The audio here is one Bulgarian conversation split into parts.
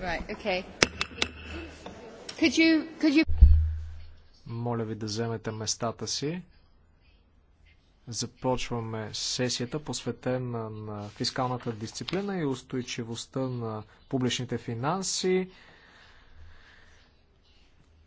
Right, okay. could you, could you... Моля ви да вземете местата си. Започваме сесията, посветена на фискалната дисциплина и устойчивостта на публичните финанси.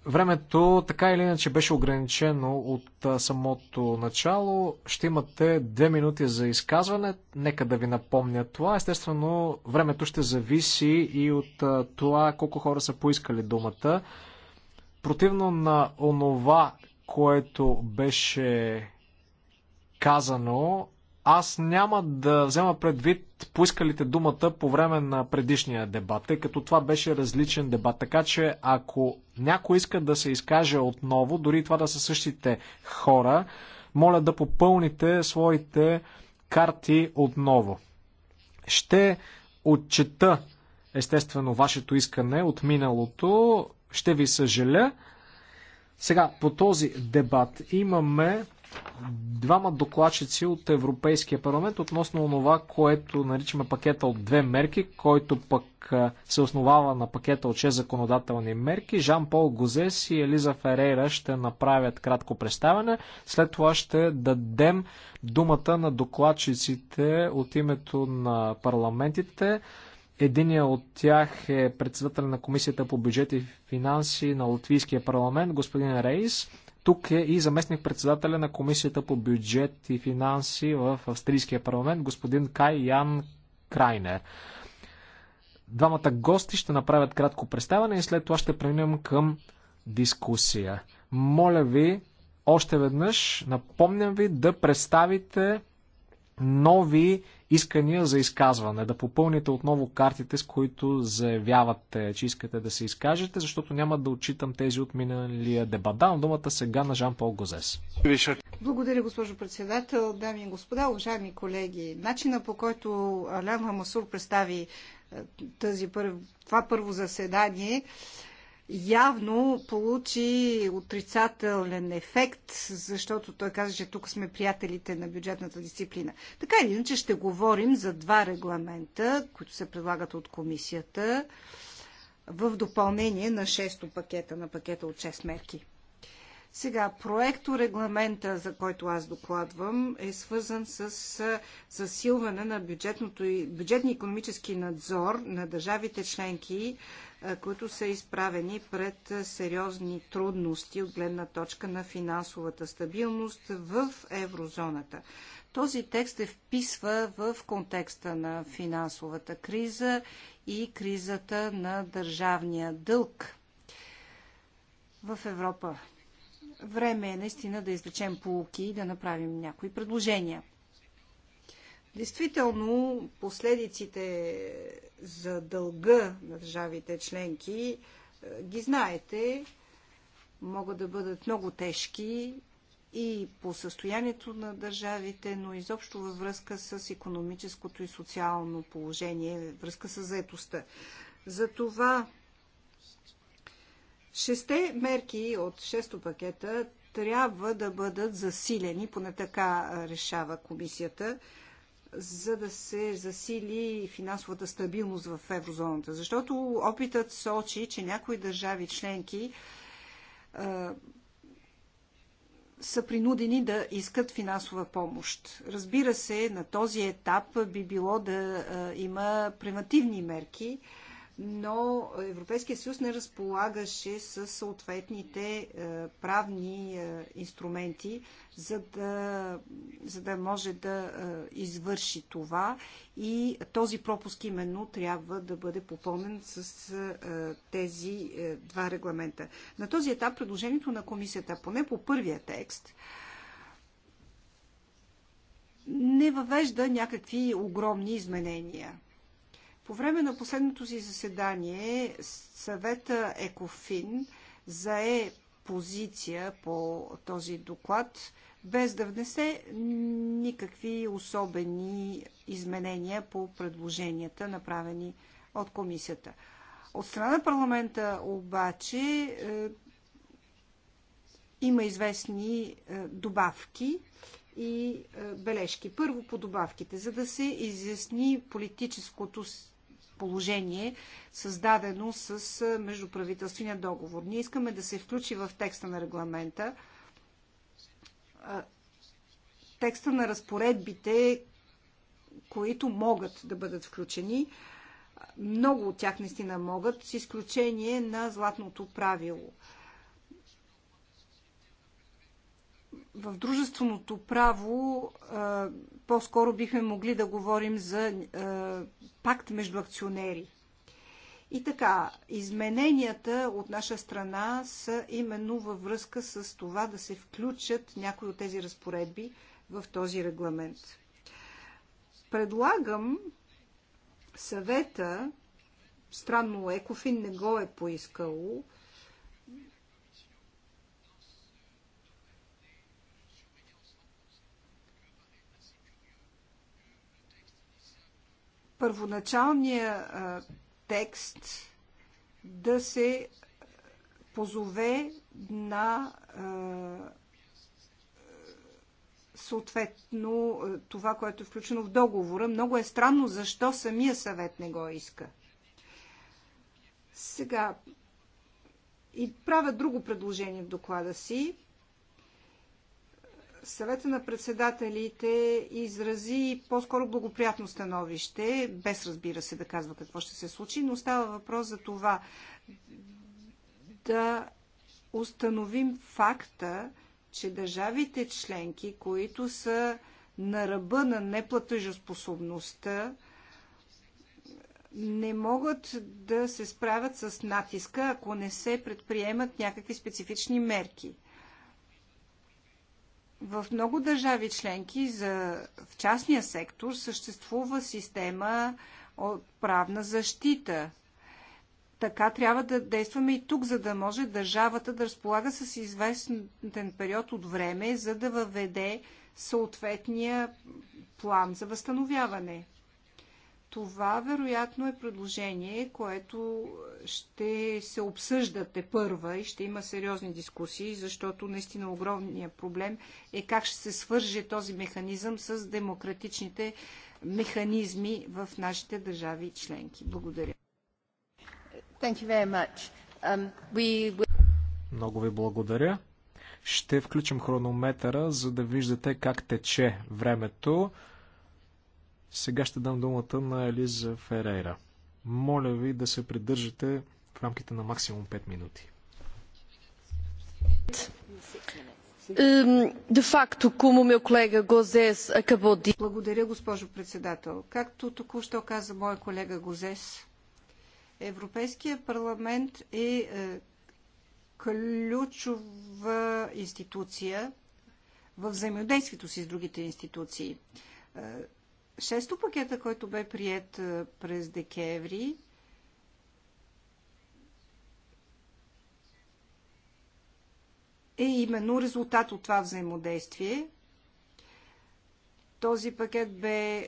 Времето така или иначе беше ограничено от самото начало. Ще имате две минути за изказване. Нека да ви напомня това. Естествено, времето ще зависи и от това колко хора са поискали думата. Противно на онова, което беше казано, аз няма да взема предвид поискалите думата по време на предишния дебат, тъй като това беше различен дебат. Така че ако някой иска да се изкаже отново, дори това да са същите хора, моля да попълните своите карти отново. Ще отчета, естествено, вашето искане от миналото. Ще ви съжаля. Сега, по този дебат имаме двама докладчици от Европейския парламент относно това, което наричаме пакета от две мерки, който пък се основава на пакета от 6 законодателни мерки. Жан-Пол Гозес и Елиза Ферейра ще направят кратко представяне. След това ще дадем думата на докладчиците от името на парламентите. Единият от тях е председател на Комисията по бюджет и финанси на Латвийския парламент, господин Рейс. Тук е и заместник председателя на Комисията по бюджет и финанси в Австрийския парламент, господин Кай Ян Крайнер. Двамата гости ще направят кратко представяне и след това ще преминем към дискусия. Моля ви, още веднъж, напомням ви да представите нови искания за изказване, да попълните отново картите, с които заявявате, че искате да се изкажете, защото няма да отчитам тези от миналия дебат. Давам думата сега на Жан-Пол Гозес. Благодаря, госпожо председател, дами и господа, уважаеми колеги. Начина по който Алян Масур представи е, тази първ, това първо заседание явно получи отрицателен ефект, защото той каза, че тук сме приятелите на бюджетната дисциплина. Така или иначе ще говорим за два регламента, които се предлагат от комисията в допълнение на 6 пакета, на пакета от 6 мерки. Сега, проекто регламента, за който аз докладвам, е свързан с засилване на бюджетното и, бюджетни економически надзор на държавите членки които са изправени пред сериозни трудности от гледна точка на финансовата стабилност в еврозоната. Този текст се вписва в контекста на финансовата криза и кризата на държавния дълг в Европа. Време е наистина да извлечем полуки и да направим някои предложения. Действително, последиците за дълга на държавите членки е, ги знаете, могат да бъдат много тежки и по състоянието на държавите, но изобщо във връзка с економическото и социално положение, връзка с заетостта. Затова шесте мерки от шесто пакета трябва да бъдат засилени, поне така решава комисията за да се засили финансовата стабилност в еврозоната. Защото опитът сочи, че някои държави членки а, са принудени да искат финансова помощ. Разбира се, на този етап би било да а, има превентивни мерки, а, но Европейския съюз не разполагаше с съответните е, правни е, инструменти, за да, за да може да е, извърши това. И този пропуск именно трябва да бъде попълнен с тези два регламента. На този етап предложението на комисията, поне по първия текст, не въвежда някакви огромни изменения по време на последното си заседание съвета ЕКОФИН зае позиция по този доклад, без да внесе никакви особени изменения по предложенията, направени от комисията. От страна на парламента обаче е, има известни е, добавки и е, бележки. Първо по добавките, за да се изясни политическото положение, създадено с междуправителствения договор. Ние искаме да се включи в текста на регламента текста на разпоредбите, които могат да бъдат включени. Много от тях наистина могат, с изключение на златното правило. В дружественото право по-скоро бихме могли да говорим за е, пакт между акционери. И така, измененията от наша страна са именно във връзка с това да се включат някои от тези разпоредби в този регламент. Предлагам съвета, странно Екофин не го е поискало, първоначалния текст да се позове на съответно това, което е включено в договора. Много е странно защо самия съвет не го иска. Сега, и правя друго предложение в доклада си съвета на председателите изрази по-скоро благоприятно становище, без разбира се да казва какво ще се случи, но става въпрос за това да установим факта, че държавите членки, които са на ръба на неплатежоспособността, не могат да се справят с натиска, ако не се предприемат някакви специфични мерки – в много държави членки за, в частния сектор съществува система от правна защита. Така трябва да действаме и тук, за да може държавата да разполага с известен период от време, за да въведе съответния план за възстановяване. Това вероятно е предложение, което ще се обсъждате първа и ще има сериозни дискусии, защото наистина огромният проблем е как ще се свърже този механизъм с демократичните механизми в нашите държави членки. Благодаря. Thank you very much. Um, we... Много ви благодаря. Ще включим хронометъра, за да виждате как тече времето. Сега ще дам думата на Елиза Ферейра. Моля ви да се придържате в рамките на максимум 5 минути. De facto, como meu colega Gozes acabou de... Благодаря, госпожо председател. Както току-що каза моя колега Гозес, Европейския парламент е, е ключова институция в взаимодействието си с другите институции. Е, шесто пакета, който бе прият през декември, е именно резултат от това взаимодействие. Този пакет бе е,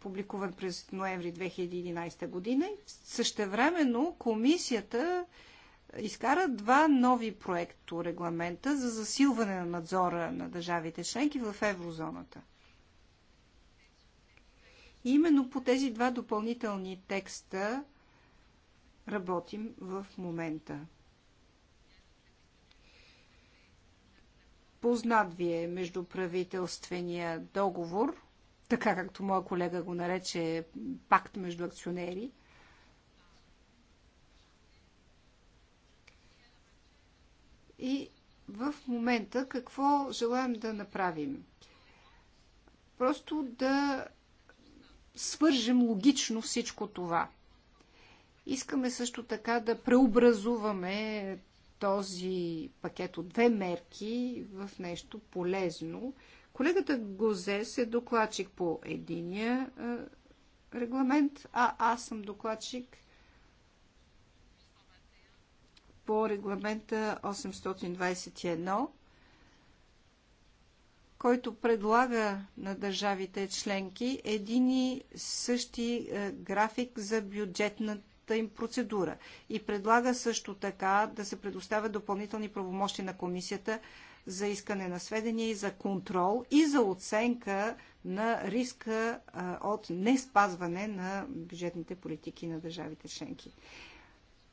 публикуван през ноември 2011 година. Същевременно комисията изкара два нови проекто регламента за засилване на надзора на държавите членки в еврозоната – и именно по тези два допълнителни текста работим в момента. Познат ви е междуправителствения договор, така както моя колега го нарече пакт между акционери. И в момента какво желаем да направим? Просто да свържем логично всичко това. Искаме също така да преобразуваме този пакет от две мерки в нещо полезно. Колегата Гозес е докладчик по единия е, регламент, а аз съм докладчик по регламента 821 който предлага на държавите членки един и същи е, график за бюджетната им процедура и предлага също така да се предоставят допълнителни правомощи на комисията за искане на сведения и за контрол и за оценка на риска е, от не спазване на бюджетните политики на държавите членки.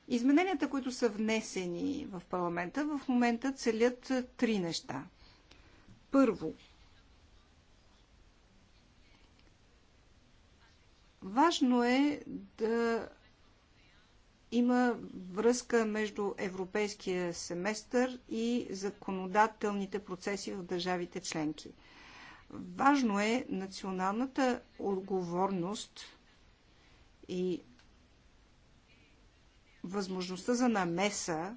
Измененията, които са внесени в парламента, в момента целят е, три неща – първо, важно е да има връзка между европейския семестър и законодателните процеси в държавите членки. Важно е националната отговорност и възможността за намеса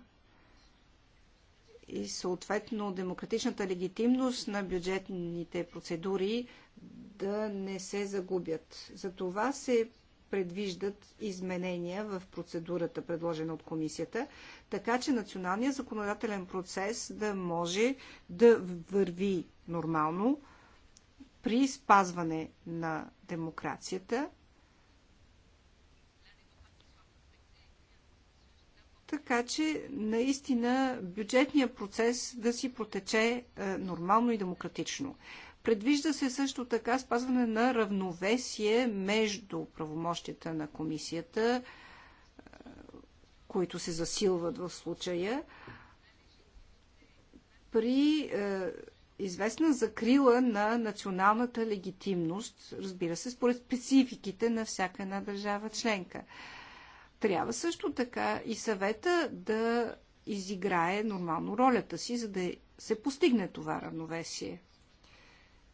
и съответно демократичната легитимност на бюджетните процедури да не се загубят. За това се предвиждат изменения в процедурата, предложена от комисията, така че националният законодателен процес да може да върви нормално при спазване на демокрацията така че наистина бюджетният процес да си протече е, нормално и демократично. Предвижда се също така спазване на равновесие между правомощията на комисията, е, които се засилват в случая, при е, известна закрила на националната легитимност, разбира се, според спецификите на всяка една държава членка. Е, трябва също така и съвета да изиграе нормално ролята си, за да се постигне това равновесие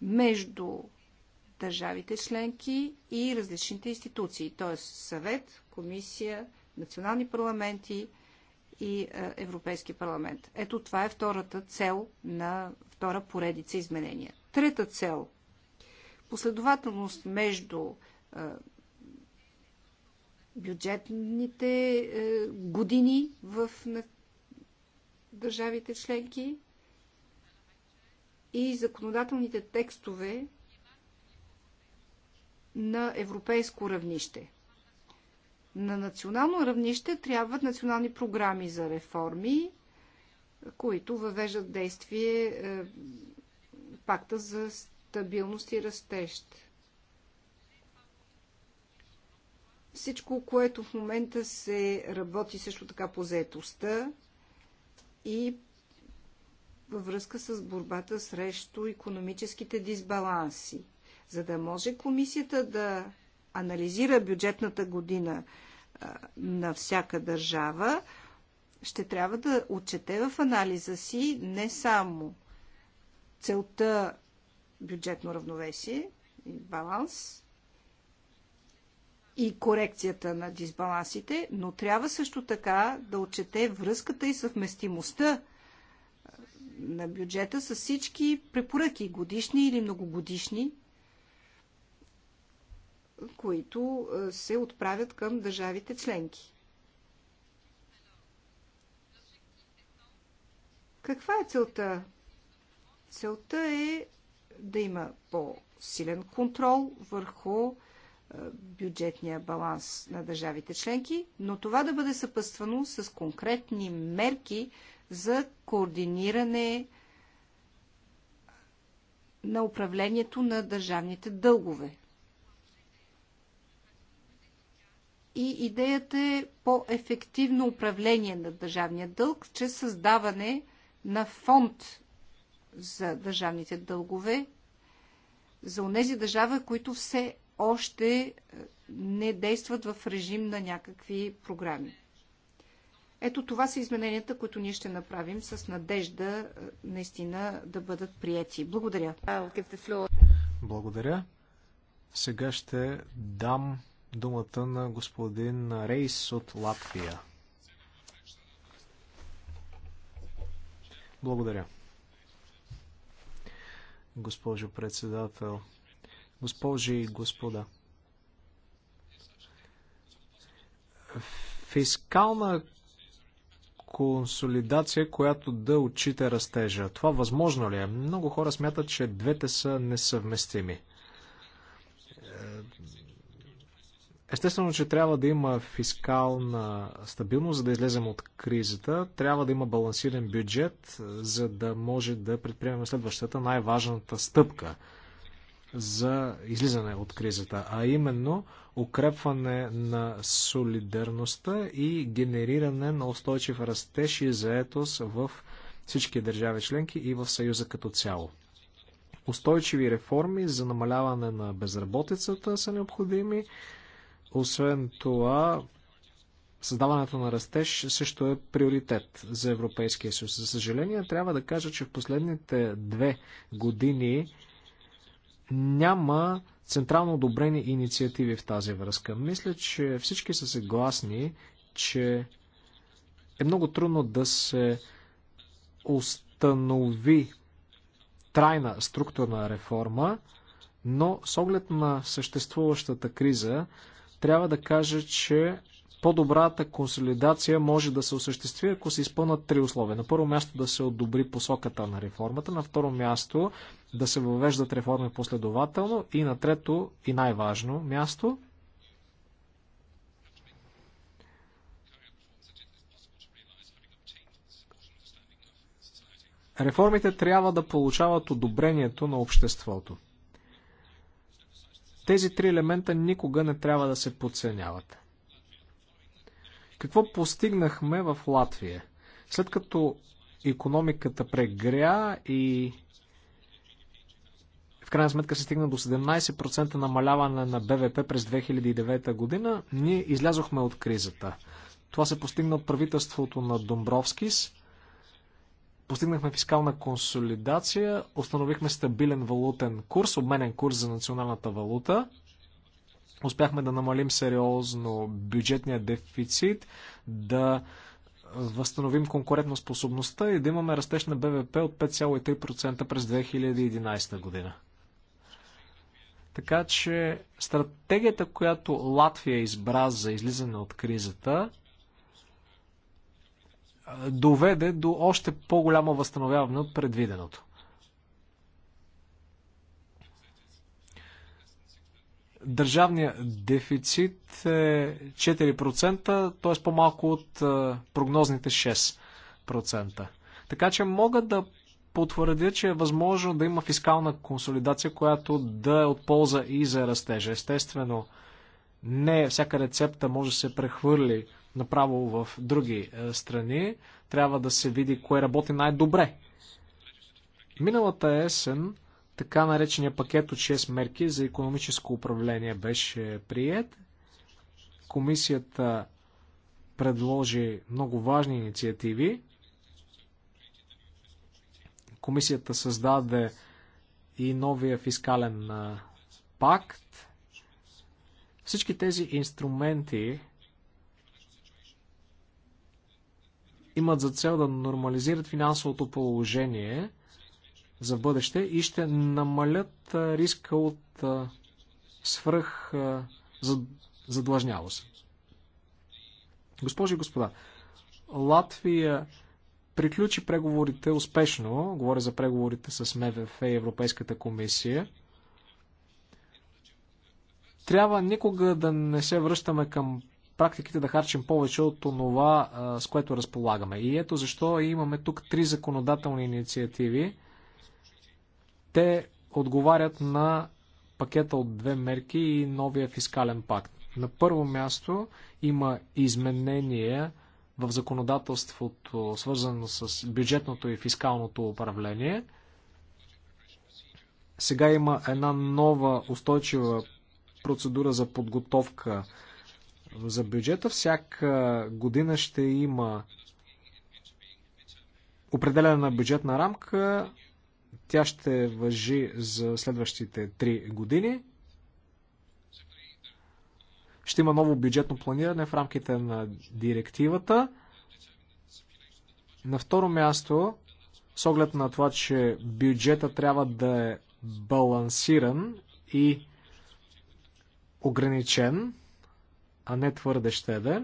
между държавите членки и различните институции, т.е. съвет, комисия, национални парламенти и е, Европейски парламент. Ето това е втората цел на втора поредица изменения. Трета цел последователност между е, бюджетните е, години в държавите членки и законодателните текстове на европейско равнище. На национално равнище трябват национални програми за реформи, които въвеждат действие е, пакта за стабилност и растещ. Всичко, което в момента се работи също така по заетостта и във връзка с борбата срещу економическите дисбаланси. За да може комисията да анализира бюджетната година а, на всяка държава, ще трябва да отчете в анализа си не само целта бюджетно равновесие и баланс, и корекцията на дисбалансите, но трябва също така да отчете връзката и съвместимостта на бюджета с всички препоръки, годишни или многогодишни, които се отправят към държавите членки. Каква е целта? Целта е да има по-силен контрол върху бюджетния баланс на държавите членки, но това да бъде съпъствано с конкретни мерки за координиране на управлението на държавните дългове. И идеята е по-ефективно управление на държавния дълг, чрез създаване на фонд за държавните дългове за онези държави, които все още е, не действат в режим на някакви програми. Ето това са измененията, които ние ще направим с надежда е, наистина да бъдат прияти. Благодаря. Благодаря. Сега ще дам думата на господин Рейс от Латвия. Благодаря. Госпожо председател, Госпожи и господа, фискална консолидация, която да отчита растежа. Това възможно ли е? Много хора смятат, че двете са несъвместими. Естествено, че трябва да има фискална стабилност, за да излезем от кризата. Трябва да има балансиран бюджет, за да може да предприемем следващата най-важната стъпка – за излизане от кризата, а именно укрепване на солидарността и генериране на устойчив растеж и заетост в всички държави членки и в Съюза като цяло. Устойчиви реформи за намаляване на безработицата са необходими. Освен това, създаването на растеж също е приоритет за Европейския съюз. За съжаление, трябва да кажа, че в последните две години няма централно одобрени инициативи в тази връзка. Мисля, че всички са съгласни, че е много трудно да се установи трайна структурна реформа, но с оглед на съществуващата криза, трябва да кажа, че по-добрата консолидация може да се осъществи, ако се изпълнат три условия. На първо място да се одобри посоката на реформата, на второ място да се въвеждат реформи последователно и на трето и най-важно място Реформите трябва да получават одобрението на обществото. Тези три елемента никога не трябва да се подценяват. Какво постигнахме в Латвия? След като економиката прегря и в крайна сметка се стигна до 17% намаляване на БВП през 2009 година, ние излязохме от кризата. Това се постигна от правителството на Домбровскис. Постигнахме фискална консолидация, установихме стабилен валутен курс, обменен курс за националната валута – Успяхме да намалим сериозно бюджетния дефицит, да възстановим конкурентоспособността и да имаме растеж на БВП от 5,3% през 2011 година. Така че стратегията, която Латвия избра за излизане от кризата, доведе до още по-голямо възстановяване от предвиденото. Държавният дефицит е 4%, т.е. по-малко от е, прогнозните 6%. Така че мога да потвърдя, че е възможно да има фискална консолидация, която да е от полза и за растежа. Естествено, не всяка рецепта може да се прехвърли направо в други е, страни. Трябва да се види кое работи най-добре. Миналата есен така наречения пакет от 6 мерки за економическо управление беше прият. Комисията предложи много важни инициативи. Комисията създаде и новия фискален пакт. Всички тези инструменти имат за цел да нормализират финансовото положение – за бъдеще и ще намалят риска от свръх задлъжнявост. Госпожи и господа, Латвия приключи преговорите успешно. Говоря за преговорите с МВФ и Европейската комисия. Трябва никога да не се връщаме към практиките да харчим повече от това, с което разполагаме. И ето защо имаме тук три законодателни инициативи. Те отговарят на пакета от две мерки и новия фискален пакт. На първо място има изменение в законодателството, свързано с бюджетното и фискалното управление. Сега има една нова устойчива процедура за подготовка за бюджета. Всяка година ще има определена бюджетна рамка тя ще въжи за следващите 3 години. Ще има ново бюджетно планиране в рамките на директивата. На второ място, с оглед на това, че бюджета трябва да е балансиран и ограничен, а не твърде да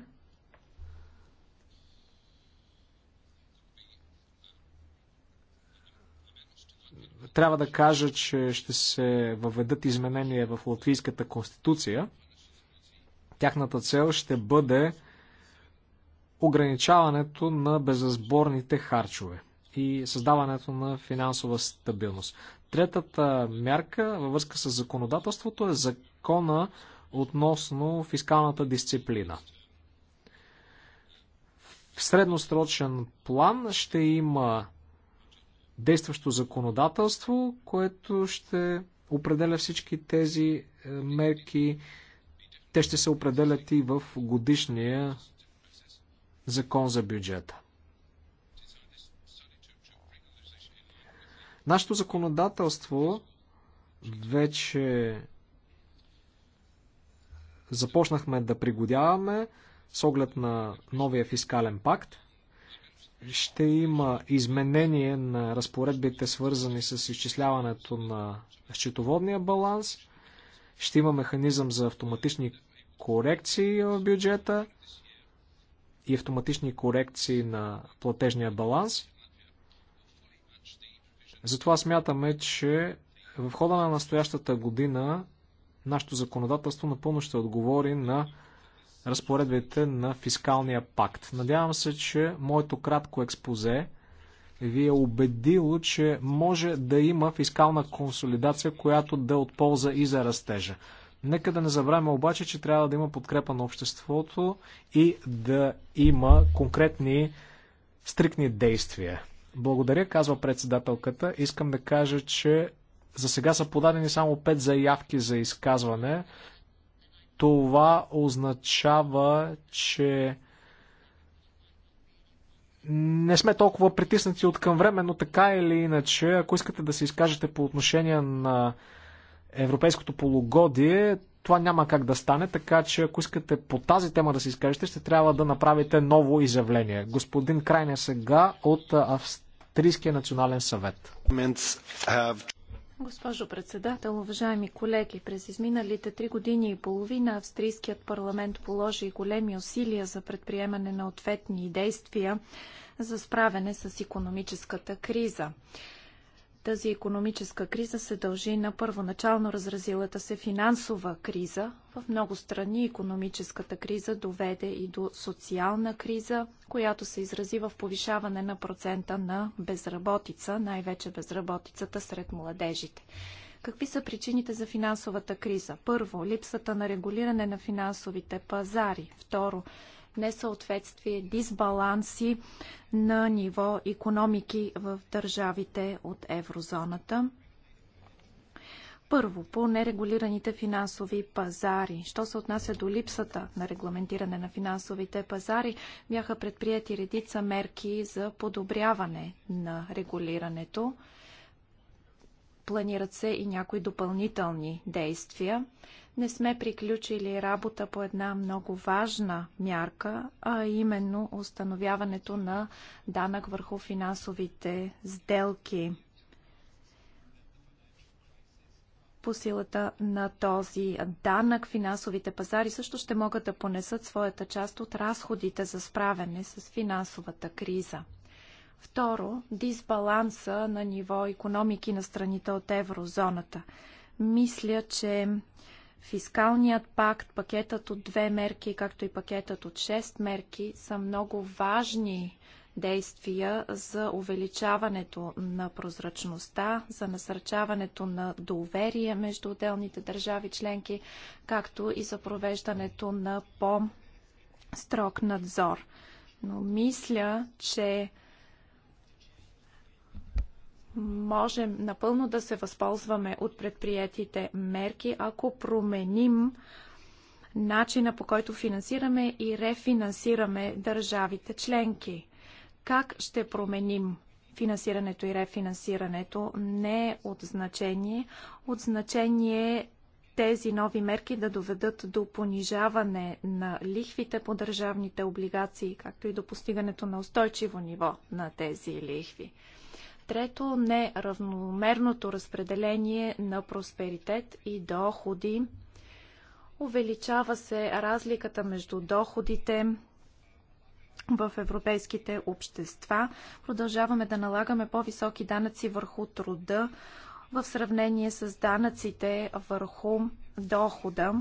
трябва да кажа, че ще се въведат изменения в Латвийската конституция. Тяхната цел ще бъде ограничаването на безразборните харчове и създаването на финансова стабилност. Третата мярка във връзка с законодателството е закона относно фискалната дисциплина. В средносрочен план ще има действащо законодателство, което ще определя всички тези е, мерки. Те ще се определят и в годишния закон за бюджета. Нашето законодателство вече започнахме да пригодяваме с оглед на новия фискален пакт – ще има изменение на разпоредбите, свързани с изчисляването на счетоводния баланс. Ще има механизъм за автоматични корекции в бюджета и автоматични корекции на платежния баланс. Затова смятаме, че в хода на настоящата година нашето законодателство напълно ще отговори на разпоредбите на фискалния пакт. Надявам се, че моето кратко експозе ви е убедило, че може да има фискална консолидация, която да е от полза и за растежа. Нека да не забравяме обаче, че трябва да има подкрепа на обществото и да има конкретни стрикни действия. Благодаря, казва председателката. Искам да кажа, че за сега са подадени само 5 заявки за изказване. Това означава, че не сме толкова притиснати от към време, но така или иначе, ако искате да се изкажете по отношение на европейското полугодие, това няма как да стане, така че ако искате по тази тема да се изкажете, ще трябва да направите ново изявление. Господин Крайне сега от Австрийския национален съвет. Госпожо председател, уважаеми колеги, през изминалите три години и половина австрийският парламент положи големи усилия за предприемане на ответни действия за справяне с економическата криза. Тази економическа криза се дължи на първоначално разразилата се финансова криза. В много страни економическата криза доведе и до социална криза, която се изрази в повишаване на процента на безработица, най-вече безработицата сред младежите. Какви са причините за финансовата криза? Първо, липсата на регулиране на финансовите пазари. Второ, несъответствие, дисбаланси на ниво економики в държавите от еврозоната. Първо, по нерегулираните финансови пазари. Що се отнася до липсата на регламентиране на финансовите пазари, бяха предприяти редица мерки за подобряване на регулирането. Планират се и някои допълнителни действия не сме приключили работа по една много важна мярка, а именно установяването на данък върху финансовите сделки. По силата на този данък финансовите пазари също ще могат да понесат своята част от разходите за справяне с финансовата криза. Второ, дисбаланса на ниво економики на страните от еврозоната. Мисля, че Фискалният пакт, пакетът от две мерки, както и пакетът от шест мерки са много важни действия за увеличаването на прозрачността, за насърчаването на доверие между отделните държави членки, както и за провеждането на по-строг надзор. Но мисля, че можем напълно да се възползваме от предприятите мерки, ако променим начина по който финансираме и рефинансираме държавите членки. Как ще променим финансирането и рефинансирането не е от значение. От значение е тези нови мерки да доведат до понижаване на лихвите по държавните облигации, както и до постигането на устойчиво ниво на тези лихви. Трето, неравномерното разпределение на просперитет и доходи. Увеличава се разликата между доходите в европейските общества. Продължаваме да налагаме по-високи данъци върху труда в сравнение с данъците върху дохода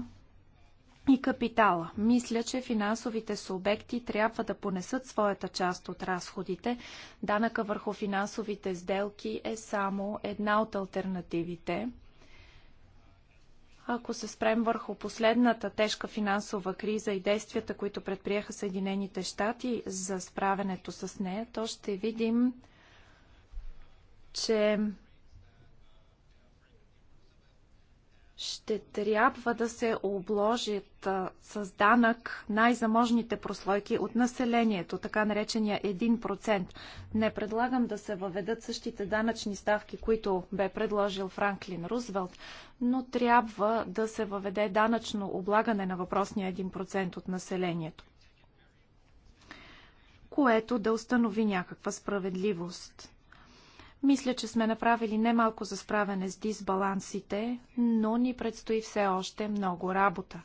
и капитала. Мисля, че финансовите субекти трябва да понесат своята част от разходите. Данъка върху финансовите сделки е само една от альтернативите. Ако се спрем върху последната тежка финансова криза и действията, които предприеха Съединените щати за справенето с нея, то ще видим, че ще трябва да се обложат с данък най-заможните прослойки от населението, така наречения 1%. Не предлагам да се въведат същите данъчни ставки, които бе предложил Франклин Рузвелт, но трябва да се въведе данъчно облагане на въпросния 1% от населението, което да установи някаква справедливост. Мисля, че сме направили немалко за справяне с дисбалансите, но ни предстои все още много работа.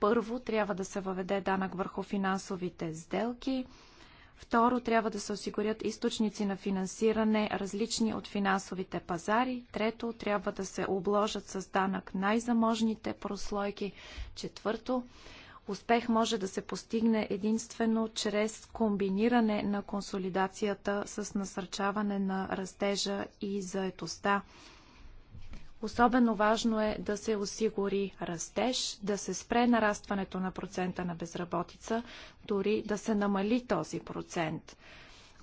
Първо, трябва да се въведе данък върху финансовите сделки. Второ, трябва да се осигурят източници на финансиране, различни от финансовите пазари. Трето, трябва да се обложат с данък най-заможните прослойки. Четвърто, Успех може да се постигне единствено чрез комбиниране на консолидацията с насърчаване на растежа и заетостта. Особено важно е да се осигури растеж, да се спре нарастването на процента на безработица, дори да се намали този процент.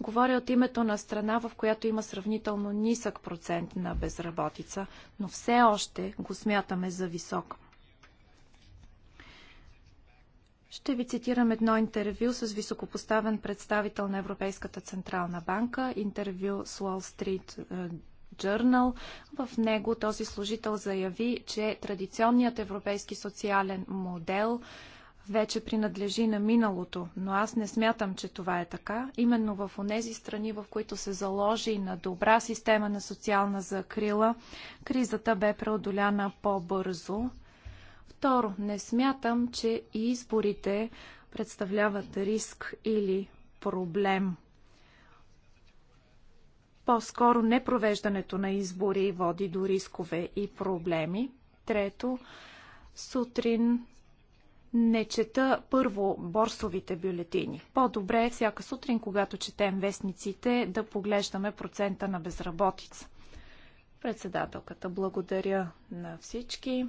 Говоря от името на страна, в която има сравнително нисък процент на безработица, но все още го смятаме за висок. Ще ви цитирам едно интервю с високопоставен представител на Европейската Централна банка, интервю с Wall Street е, Journal. В него този служител заяви, че традиционният европейски социален модел вече принадлежи на миналото, но аз не смятам, че това е така. Именно в онези страни, в които се заложи на добра система на социална закрила, кризата бе преодоляна по-бързо. Второ, не смятам, че и изборите представляват риск или проблем. По-скоро непровеждането на избори води до рискове и проблеми. Трето, сутрин не чета първо борсовите бюлетини. По-добре е всяка сутрин, когато четем вестниците, да поглеждаме процента на безработица. Председателката, благодаря на всички.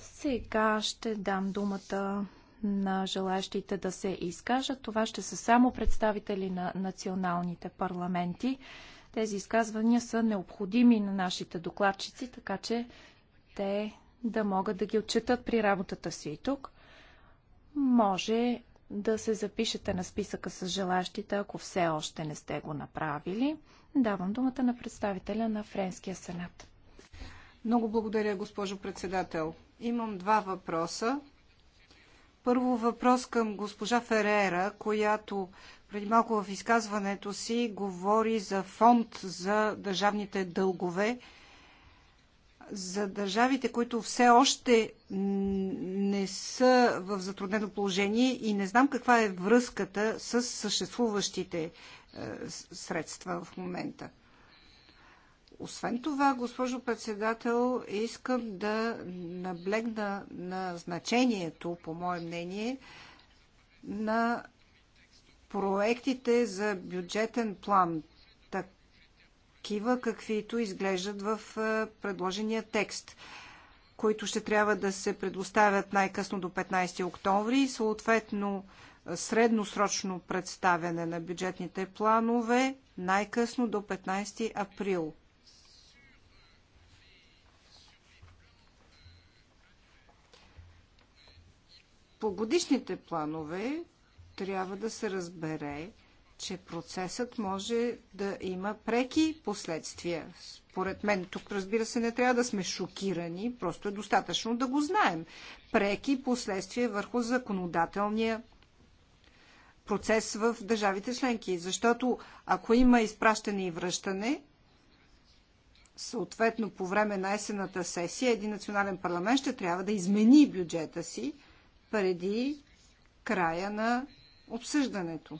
Сега ще дам думата на желащите да се изкажат. Това ще са само представители на националните парламенти. Тези изказвания са необходими на нашите докладчици, така че те да могат да ги отчитат при работата си и тук. Може да се запишете на списъка с желащите, ако все още не сте го направили. Давам думата на представителя на Френския сенат. Много благодаря, госпожо председател. Имам два въпроса. Първо въпрос към госпожа Ферера, която преди малко в изказването си говори за фонд за държавните дългове. За държавите, които все още не са в затруднено положение и не знам каква е връзката с съществуващите е, средства в момента. Освен това, госпожо председател, искам да наблегна на значението, по мое мнение, на проектите за бюджетен план, такива каквито изглеждат в е, предложения текст, които ще трябва да се предоставят най-късно до 15 октомври съответно е, средносрочно представяне на бюджетните планове най-късно до 15 април. По годишните планове трябва да се разбере, че процесът може да има преки последствия. Според мен, тук разбира се не трябва да сме шокирани, просто е достатъчно да го знаем. Преки последствия върху законодателния процес в държавите членки. Защото ако има изпращане и връщане, съответно по време на есената сесия, един национален парламент ще трябва да измени бюджета си, преди края на обсъждането.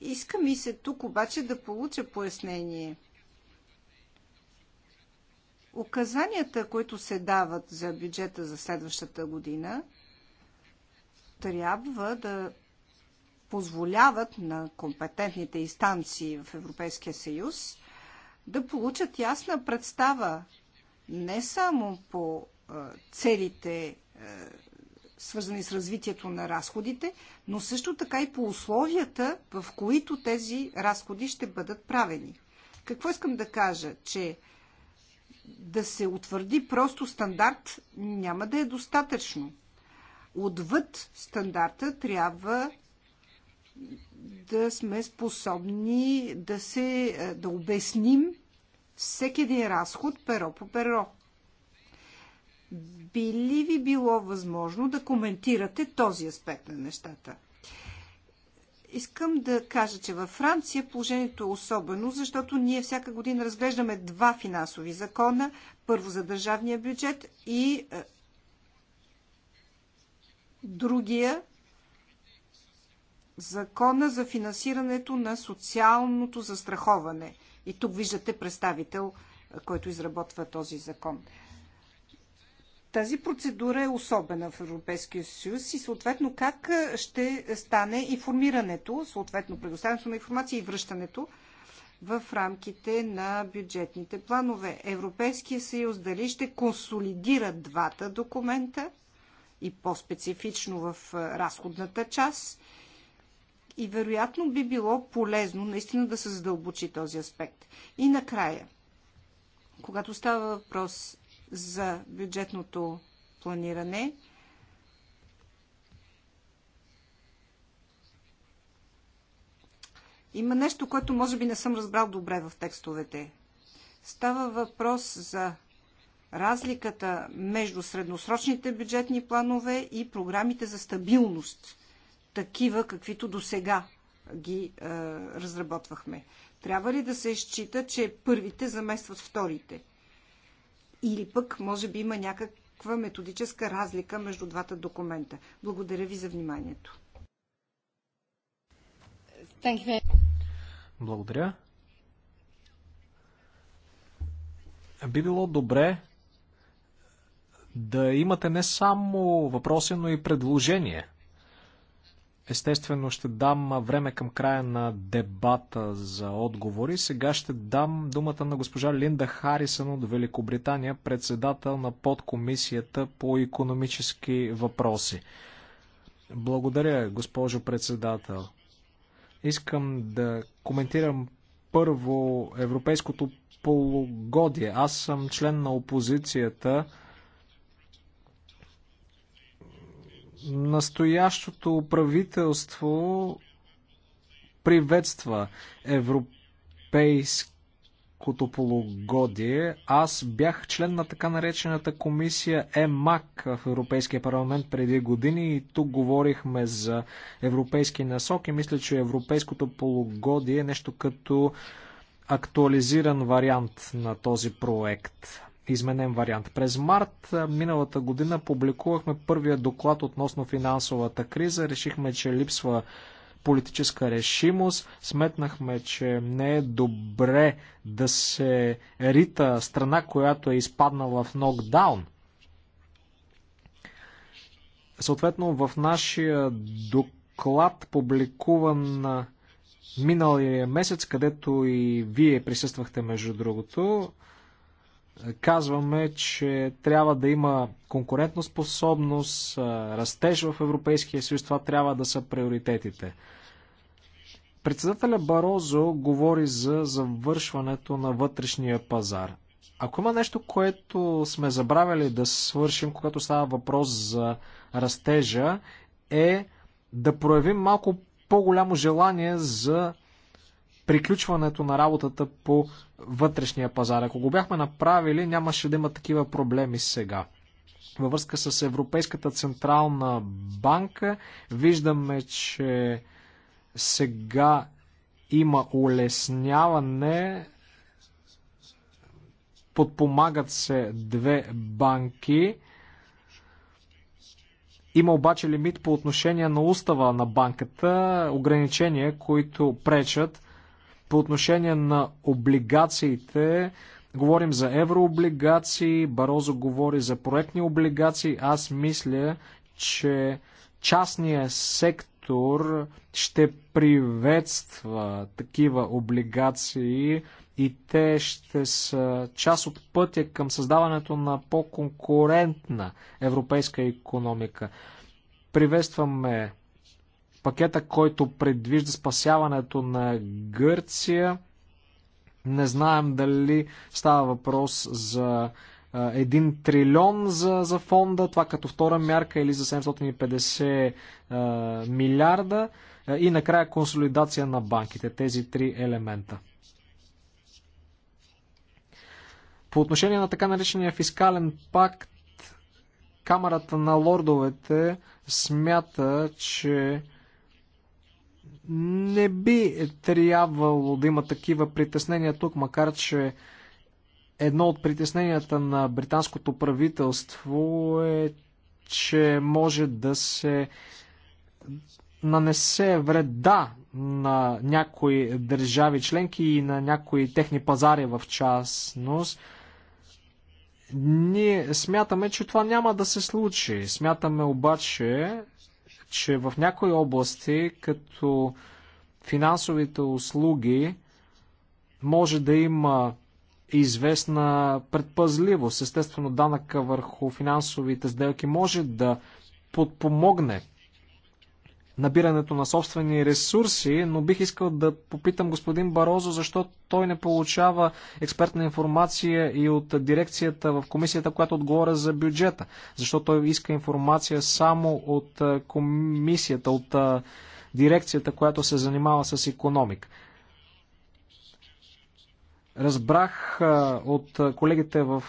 Иска ми се тук обаче да получа пояснение. Указанията, които се дават за бюджета за следващата година, трябва да позволяват на компетентните инстанции в Европейския съюз да получат ясна представа не само по целите, свързани с развитието на разходите, но също така и по условията, в които тези разходи ще бъдат правени. Какво искам да кажа? Че да се утвърди просто стандарт няма да е достатъчно. Отвъд стандарта трябва да сме способни да, се, да обясним всеки един разход перо по перо. Би ли ви било възможно да коментирате този аспект на нещата? Искам да кажа, че във Франция положението е особено, защото ние всяка година разглеждаме два финансови закона. Първо за държавния бюджет и е, другия закона за финансирането на социалното застраховане. И тук виждате представител, който изработва този закон. Тази процедура е особена в Европейския съюз и съответно как ще стане и формирането, съответно предоставянето на информация и връщането в рамките на бюджетните планове. Европейския съюз дали ще консолидира двата документа и по-специфично в разходната част и вероятно би било полезно наистина да се задълбочи този аспект. И накрая, когато става въпрос за бюджетното планиране, Има нещо, което може би не съм разбрал добре в текстовете. Става въпрос за разликата между средносрочните бюджетни планове и програмите за стабилност такива, каквито до сега ги е, разработвахме. Трябва ли да се изчита, че първите заместват вторите? Или пък, може би, има някаква методическа разлика между двата документа. Благодаря ви за вниманието. Благодаря. Би било добре да имате не само въпроси, но и предложения Естествено ще дам време към края на дебата за отговори. Сега ще дам думата на госпожа Линда Харисън от Великобритания, председател на подкомисията по економически въпроси. Благодаря, госпожо председател. Искам да коментирам първо европейското полугодие. Аз съм член на опозицията Настоящото правителство приветства европейското полугодие. Аз бях член на така наречената комисия ЕМАК в Европейския парламент преди години и тук говорихме за европейски насоки. Мисля, че европейското полугодие е нещо като актуализиран вариант на този проект изменен вариант. През март миналата година публикувахме първия доклад относно финансовата криза. Решихме, че липсва политическа решимост. Сметнахме, че не е добре да се рита страна, която е изпаднала в нокдаун. Съответно, в нашия доклад, публикуван миналия месец, където и вие присъствахте, между другото, казваме, че трябва да има способност, растеж в Европейския съюз, това трябва да са приоритетите. Председателя Барозо говори за завършването на вътрешния пазар. Ако има нещо, което сме забравили да свършим, когато става въпрос за растежа, е да проявим малко по-голямо желание за приключването на работата по вътрешния пазар. Ако го бяхме направили, нямаше да има такива проблеми сега. Във връзка с Европейската централна банка виждаме, че сега има улесняване. Подпомагат се две банки. Има обаче лимит по отношение на устава на банката, ограничения, които пречат по отношение на облигациите, говорим за еврооблигации, Барозо говори за проектни облигации. Аз мисля, че частния сектор ще приветства такива облигации и те ще са част от пътя към създаването на по-конкурентна европейска економика. Приветстваме пакета, който предвижда спасяването на Гърция. Не знаем дали става въпрос за 1 трилион за, за фонда, това като втора мярка или за 750 милиарда и накрая консолидация на банките, тези три елемента. По отношение на така наречения фискален пакт, Камерата на лордовете смята, че не би трябвало да има такива притеснения тук, макар че едно от притесненията на британското правителство е, че може да се нанесе вреда на някои държави членки и на някои техни пазари в частност. Ние смятаме, че това няма да се случи. Смятаме обаче, че в някои области, като финансовите услуги, може да има известна предпазливост. Естествено, данъка върху финансовите сделки може да подпомогне набирането на собствени ресурси, но бих искал да попитам господин Барозо, защо той не получава експертна информация и от дирекцията в комисията, която отговоря за бюджета. Защо той иска информация само от комисията, от дирекцията, която се занимава с економика. Разбрах от колегите в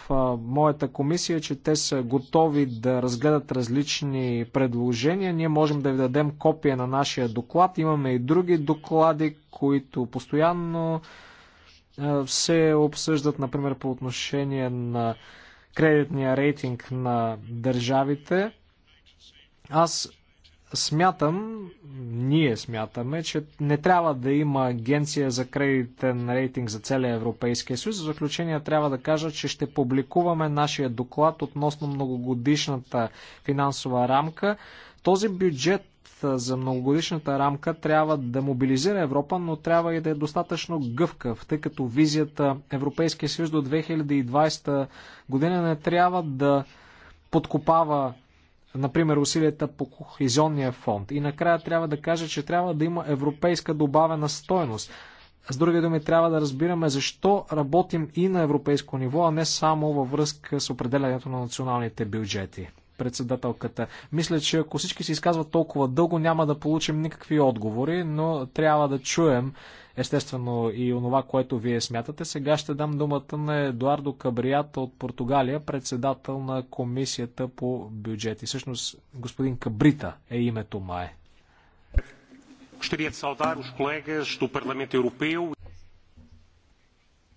моята комисия, че те са готови да разгледат различни предложения. Ние можем да ви дадем копия на нашия доклад. Имаме и други доклади, които постоянно се обсъждат, например, по отношение на кредитния рейтинг на държавите. Аз Смятам, ние смятаме, че не трябва да има агенция за кредитен рейтинг за целия Европейския съюз. В заключение трябва да кажа, че ще публикуваме нашия доклад относно многогодишната финансова рамка. Този бюджет за многогодишната рамка трябва да мобилизира Европа, но трябва и да е достатъчно гъвкав, тъй като визията Европейския съюз до 2020 година не трябва да подкопава например, усилията по кохезионния фонд. И накрая трябва да кажа, че трябва да има европейска добавена стойност. С други думи, трябва да разбираме защо работим и на европейско ниво, а не само във връзка с определянето на националните бюджети. Председателката. Мисля, че ако всички се изказват толкова дълго, няма да получим никакви отговори, но трябва да чуем естествено и онова, което вие смятате. Сега ще дам думата на Едуардо Кабрията от Португалия, председател на Комисията по бюджет. И всъщност господин Кабрита е името мае.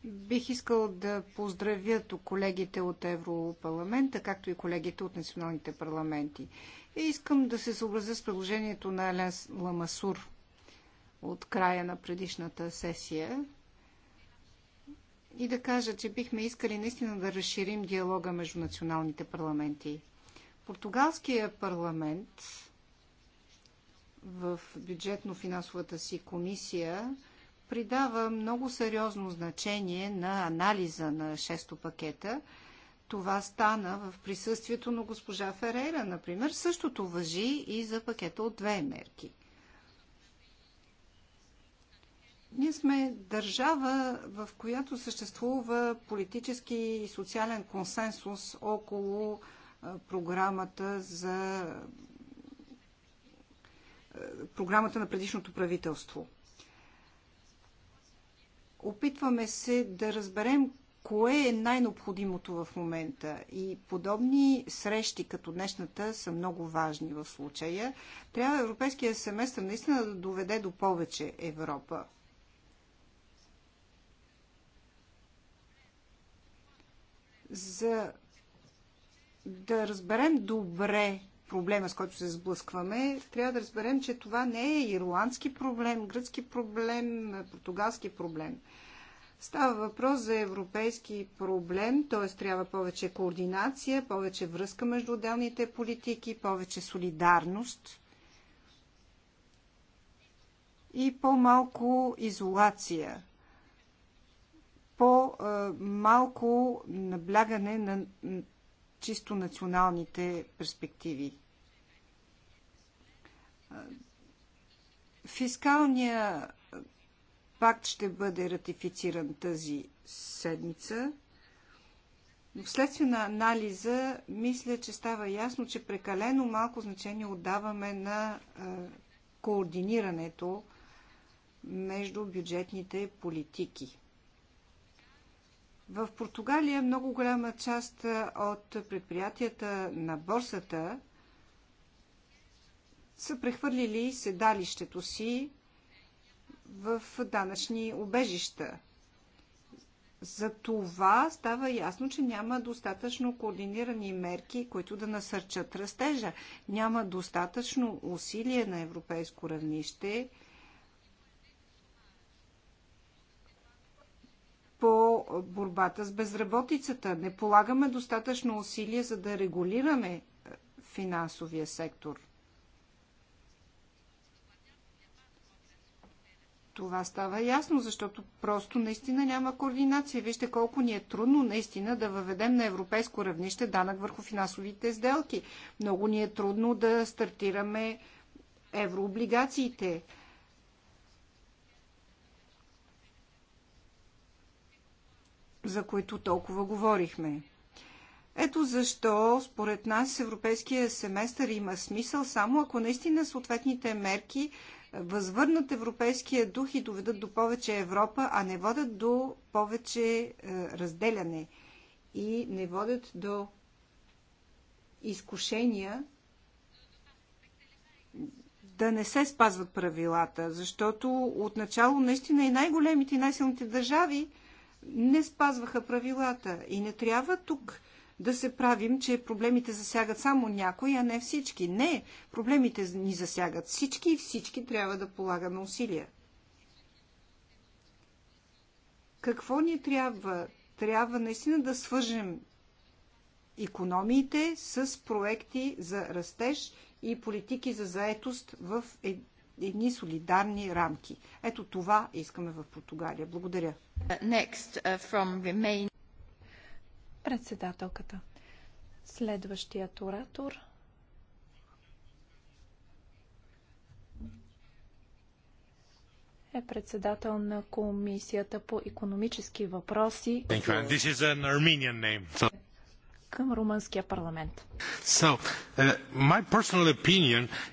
Бих искал да поздравя колегите от Европарламента, както и колегите от националните парламенти. И искам да се съобразя с предложението на Елен Ламасур от края на предишната сесия и да кажа, че бихме искали наистина да разширим диалога между националните парламенти. Португалския парламент в бюджетно-финансовата си комисия придава много сериозно значение на анализа на шесто пакета. Това стана в присъствието на госпожа Ферера, например. Същото въжи и за пакета от две мерки – ние сме държава, в която съществува политически и социален консенсус около програмата за програмата на предишното правителство. Опитваме се да разберем кое е най-необходимото в момента. И подобни срещи като днешната са много важни в случая. Трябва европейския семестър наистина да доведе до повече Европа. за да разберем добре проблема, с който се сблъскваме, трябва да разберем, че това не е ирландски проблем, гръцки проблем, португалски проблем. Става въпрос за европейски проблем, т.е. трябва повече координация, повече връзка между отделните политики, повече солидарност и по-малко изолация по-малко наблягане на чисто националните перспективи. Фискалния пакт ще бъде ратифициран тази седмица. вследствие на анализа, мисля, че става ясно, че прекалено малко значение отдаваме на координирането между бюджетните политики. В Португалия много голяма част от предприятията на борсата са прехвърлили седалището си в данъчни обежища. За това става ясно, че няма достатъчно координирани мерки, които да насърчат растежа. Няма достатъчно усилие на европейско равнище – по борбата с безработицата. Не полагаме достатъчно усилия, за да регулираме е, финансовия сектор. Това става ясно, защото просто наистина няма координация. Вижте колко ни е трудно наистина да въведем на европейско равнище данък върху финансовите сделки. Много ни е трудно да стартираме еврооблигациите. за които толкова говорихме. Ето защо, според нас, европейския семестър има смисъл само ако наистина съответните мерки възвърнат европейския дух и доведат до повече Европа, а не водят до повече е, разделяне и не водят до изкушения да не се спазват правилата, защото отначало наистина и най-големите и най-силните държави не спазваха правилата и не трябва тук да се правим, че проблемите засягат само някои, а не всички. Не, проблемите ни засягат всички и всички трябва да полагаме усилия. Какво ни трябва? Трябва наистина да свържем економиите с проекти за растеж и политики за заетост в едни солидарни рамки. Ето това искаме в Португалия. Благодаря. Next, uh, from Remain... Председателката. Следващият оратор е председател на Комисията по економически въпроси към Румънския парламент. So, uh,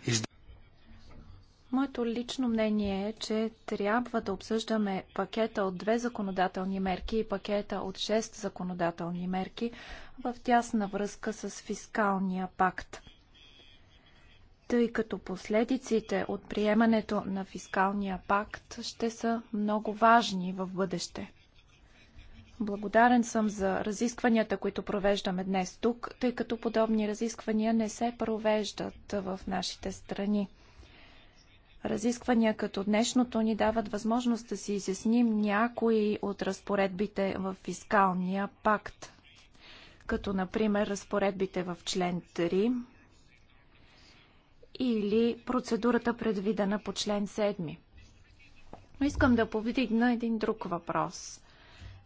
is... Моето лично мнение е, че трябва да обсъждаме пакета от две законодателни мерки и пакета от шест законодателни мерки в тясна връзка с фискалния пакт. Тъй като последиците от приемането на фискалния пакт ще са много важни в бъдеще. Благодарен съм за разискванията, които провеждаме днес тук, тъй като подобни разисквания не се провеждат в нашите страни. Разисквания като днешното ни дават възможност да си изясним някои от разпоредбите в фискалния пакт, като например разпоредбите в член 3 или процедурата предвидена по член 7. Но искам да повдигна един друг въпрос.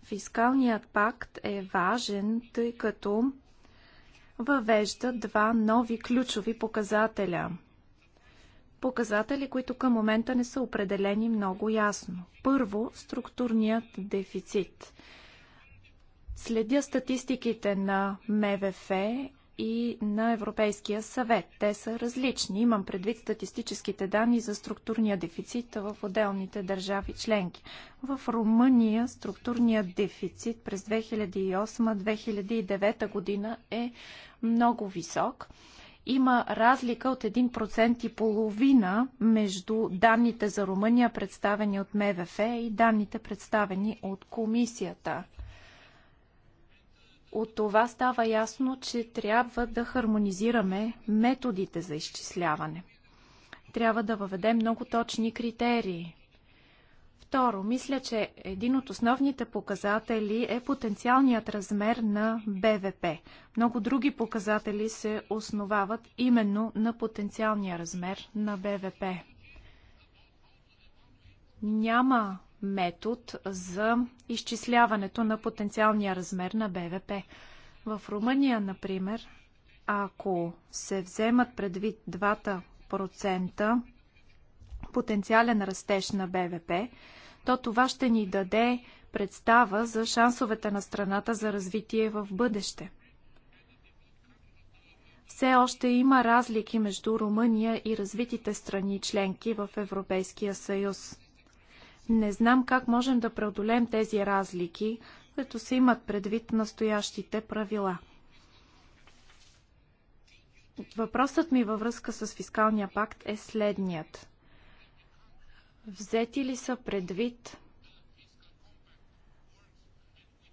Фискалният пакт е важен, тъй като въвежда два нови ключови показателя – показатели, които към момента не са определени много ясно. Първо, структурният дефицит. Следя статистиките на МВФ и на Европейския съвет. Те са различни. Имам предвид статистическите данни за структурния дефицит в отделните държави членки. В Румъния структурният дефицит през 2008-2009 година е много висок. Има разлика от 1% и половина между данните за Румъния, представени от МВФ и данните представени от комисията. От това става ясно, че трябва да хармонизираме методите за изчисляване. Трябва да въведем много точни критерии. Второ, мисля, че един от основните показатели е потенциалният размер на БВП. Много други показатели се основават именно на потенциалния размер на БВП. Няма метод за изчисляването на потенциалния размер на БВП. В Румъния, например, ако се вземат предвид 2% потенциален растеж на БВП, то това ще ни даде представа за шансовете на страната за развитие в бъдеще. Все още има разлики между Румъния и развитите страни членки в Европейския съюз. Не знам как можем да преодолем тези разлики, като се имат предвид настоящите правила. Въпросът ми във връзка с фискалния пакт е следният – Взети ли са предвид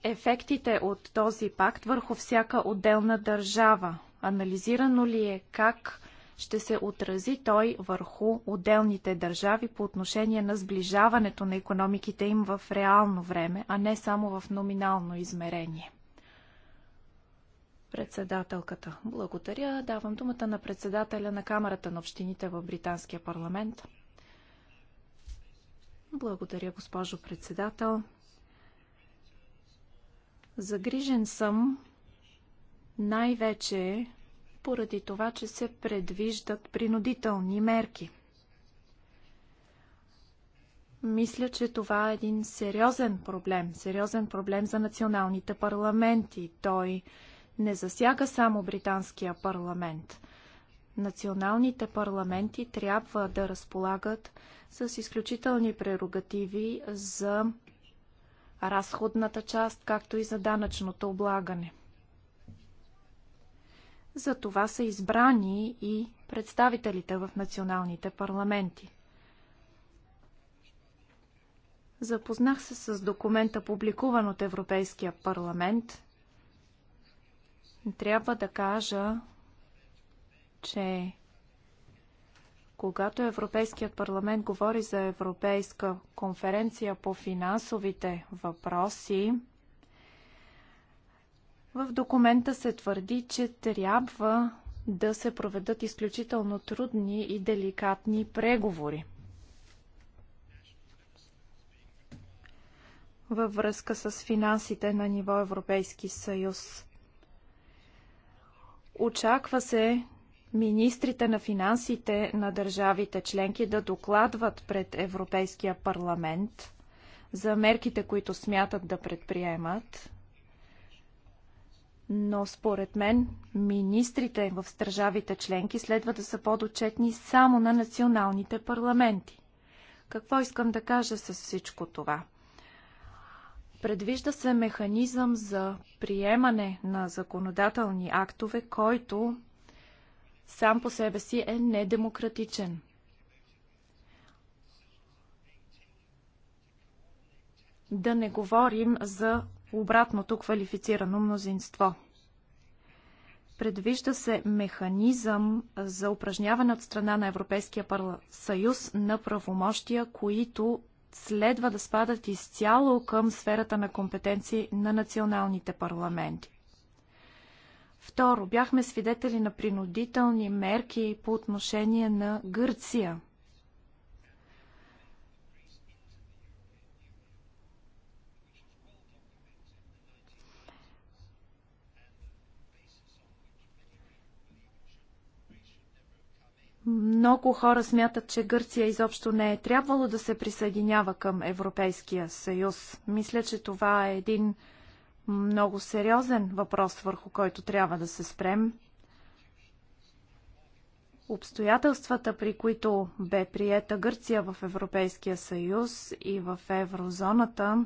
ефектите от този пакт върху всяка отделна държава? Анализирано ли е как ще се отрази той върху отделните държави по отношение на сближаването на економиките им в реално време, а не само в номинално измерение? Председателката. Благодаря. Давам думата на председателя на Камерата на общините в Британския парламент. Благодаря, госпожо председател. Загрижен съм най-вече поради това, че се предвиждат принудителни мерки. Мисля, че това е един сериозен проблем, сериозен проблем за националните парламенти. Той не засяга само британския парламент – Националните парламенти трябва да разполагат с изключителни прерогативи за разходната част, както и за данъчното облагане. За това са избрани и представителите в националните парламенти. Запознах се с документа, публикуван от Европейския парламент. Трябва да кажа, че когато Европейският парламент говори за Европейска конференция по финансовите въпроси, в документа се твърди, че трябва да се проведат изключително трудни и деликатни преговори. Във връзка с финансите на ниво Европейски съюз. Очаква се министрите на финансите на държавите членки да докладват пред Европейския парламент за мерките, които смятат да предприемат. Но според мен министрите в държавите членки следва да са подотчетни само на националните парламенти. Какво искам да кажа с всичко това? Предвижда се механизъм за приемане на законодателни актове, който сам по себе си е недемократичен. Да не говорим за обратното квалифицирано мнозинство. Предвижда се механизъм за упражняване от страна на Европейския съюз на правомощия, които следва да спадат изцяло към сферата на компетенции на националните парламенти. Второ, бяхме свидетели на принудителни мерки по отношение на Гърция. Много хора смятат, че Гърция изобщо не е трябвало да се присъединява към Европейския съюз. Мисля, че това е един много сериозен въпрос, върху който трябва да се спрем. Обстоятелствата, при които бе приета Гърция в Европейския съюз и в еврозоната,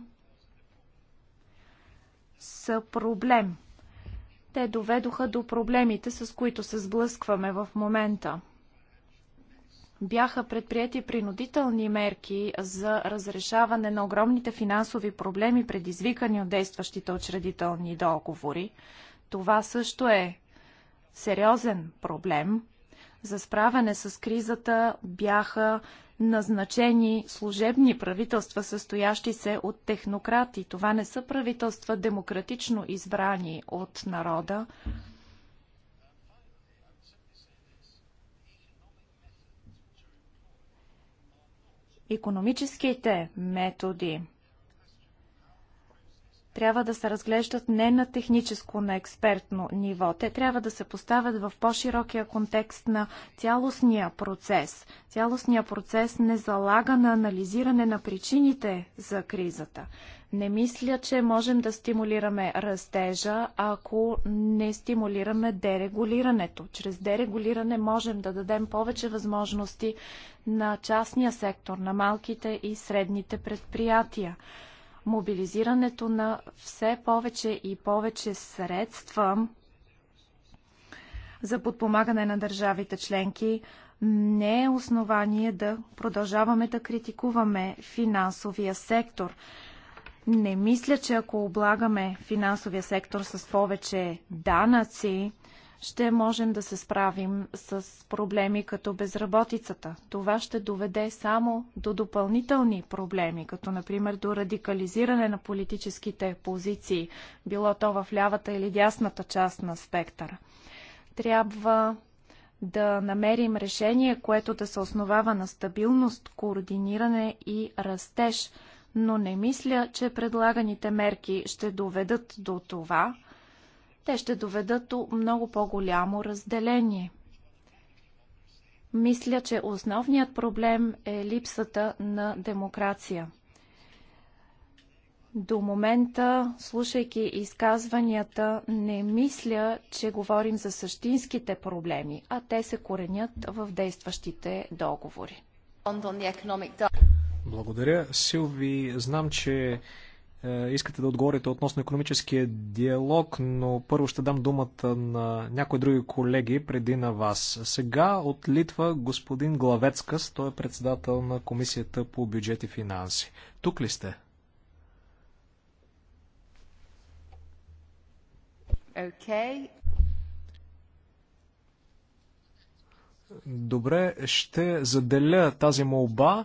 са проблем. Те доведоха до проблемите, с които се сблъскваме в момента бяха предприяти принудителни мерки за разрешаване на огромните финансови проблеми, предизвикани от действащите учредителни договори. Това също е сериозен проблем. За справяне с кризата бяха назначени служебни правителства, състоящи се от технократи. Това не са правителства демократично избрани от народа, економическите методи трябва да се разглеждат не на техническо, на експертно ниво. Те трябва да се поставят в по-широкия контекст на цялостния процес. Цялостния процес не залага на анализиране на причините за кризата. Не мисля, че можем да стимулираме растежа, ако не стимулираме дерегулирането. Чрез дерегулиране можем да дадем повече възможности на частния сектор, на малките и средните предприятия мобилизирането на все повече и повече средства за подпомагане на държавите членки не е основание да продължаваме да критикуваме финансовия сектор. Не мисля, че ако облагаме финансовия сектор с повече данъци, ще можем да се справим с проблеми като безработицата. Това ще доведе само до допълнителни проблеми, като например до радикализиране на политическите позиции, било то в лявата или дясната част на спектъра. Трябва да намерим решение, което да се основава на стабилност, координиране и растеж, но не мисля, че предлаганите мерки ще доведат до това – те ще доведат до много по-голямо разделение. Мисля, че основният проблем е липсата на демокрация. До момента, слушайки изказванията, не мисля, че говорим за същинските проблеми, а те се коренят в действащите договори. Благодаря, Силви. Знам, че е, искате да отговорите относно економическия диалог, но първо ще дам думата на някои други колеги преди на вас. Сега от Литва господин Главецкас, той е председател на Комисията по бюджет и финанси. Тук ли сте? Okay. Добре, ще заделя тази молба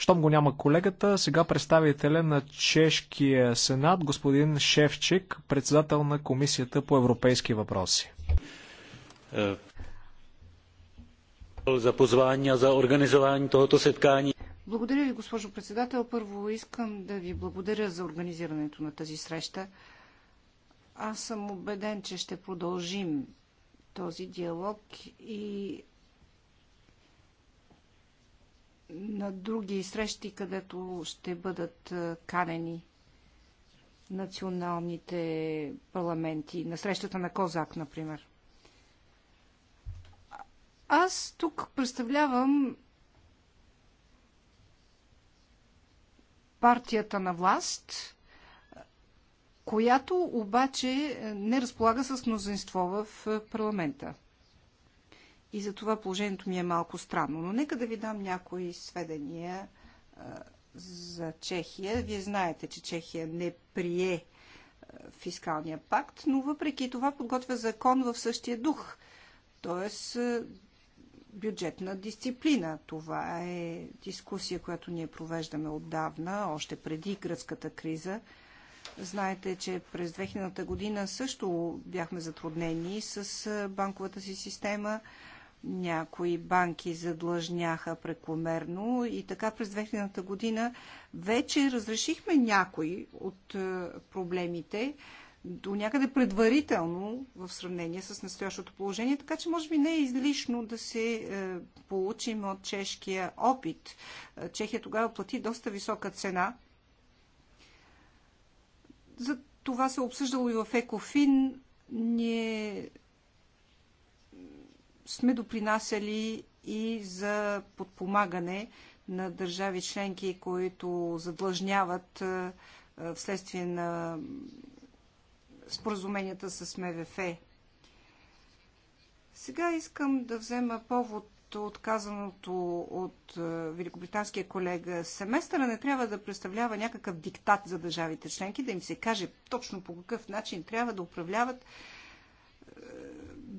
щом го няма колегата, сега представителя на Чешкия сенат, господин Шевчик, председател на Комисията по европейски въпроси. Е, за позвания за организование тото сеткани. Благодаря ви, госпожо председател. Първо искам да ви благодаря за организирането на тази среща. Аз съм убеден, че ще продължим този диалог и на други срещи, където ще бъдат канени националните парламенти, на срещата на Козак, например. Аз тук представлявам партията на власт, която обаче не разполага с мнозинство в парламента и за това положението ми е малко странно. Но нека да ви дам някои сведения за Чехия. Вие знаете, че Чехия не прие фискалния пакт, но въпреки това подготвя закон в същия дух. Тоест бюджетна дисциплина. Това е дискусия, която ние провеждаме отдавна, още преди гръцката криза. Знаете, че през 2000-та година също бяхме затруднени с банковата си система някои банки задлъжняха прекомерно и така през 2000-та година вече разрешихме някои от е, проблемите до някъде предварително в сравнение с настоящото положение, така че може би не е излишно да се е, получим от чешкия опит. Е, Чехия тогава плати доста висока цена. За това се обсъждало и в Екофин. Ние сме допринасяли и за подпомагане на държави членки, които задлъжняват е, е, вследствие на споразуменията с МВФ. Сега искам да взема повод от казаното от е, великобританския колега. Семестъра не трябва да представлява някакъв диктат за държавите членки, да им се каже точно по какъв начин трябва да управляват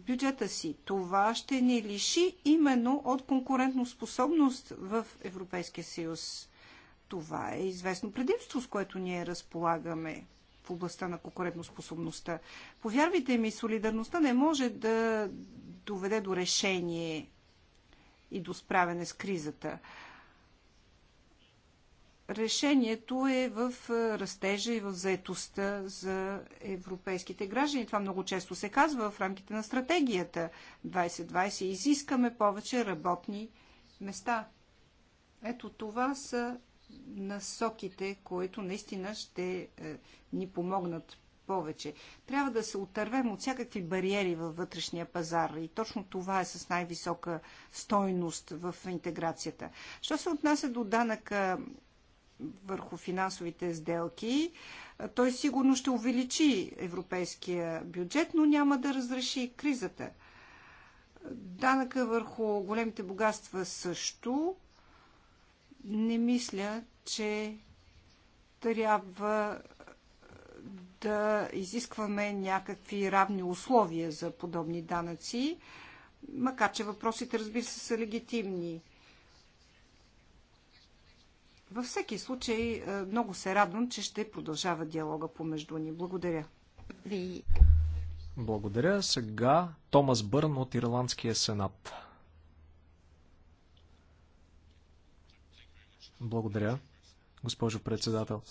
бюджета си. Това ще ни лиши именно от конкурентоспособност в Европейския съюз. Това е известно предимство, с което ние разполагаме в областта на конкурентоспособността. Повярвайте ми, солидарността не може да доведе до решение и до справяне с кризата решението е в растежа и в заетостта за европейските граждани. Това много често се казва в рамките на стратегията 2020. Изискаме повече работни места. Ето това са насоките, които наистина ще е, ни помогнат повече. Трябва да се отървем от всякакви бариери във вътрешния пазар и точно това е с най-висока стойност в интеграцията. Що се отнася до данъка върху финансовите сделки, той сигурно ще увеличи европейския бюджет, но няма да разреши кризата. Данъка върху големите богатства също. Не мисля, че трябва да изискваме някакви равни условия за подобни данъци, макар че въпросите, разбира се, са легитимни. Във всеки случай е, много се радвам, че ще продължава диалога помежду ни. Благодаря. Благодаря. Сега Томас Бърн от Ирландския сенат. Благодаря, госпожо председател.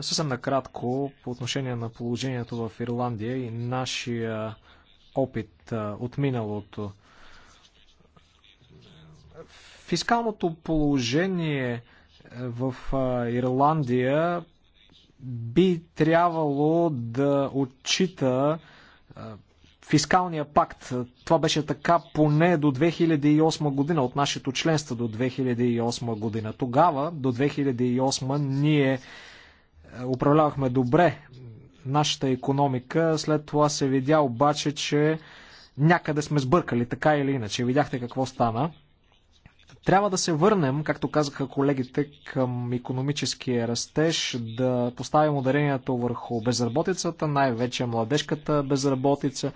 Съвсем накратко по отношение на положението в Ирландия и нашия опит е, от миналото Фискалното положение е, в Ирландия би трябвало да отчита фискалния пакт. Това беше така поне до 2008 година, от нашето членство до 2008 година. Тогава, до 2008, ние е, управлявахме добре нашата економика. След това се видя обаче, че някъде сме сбъркали, така или иначе. Видяхте какво стана. Трябва да се върнем, както казаха колегите, към економическия растеж, да поставим ударението върху безработицата, най-вече младежката безработица.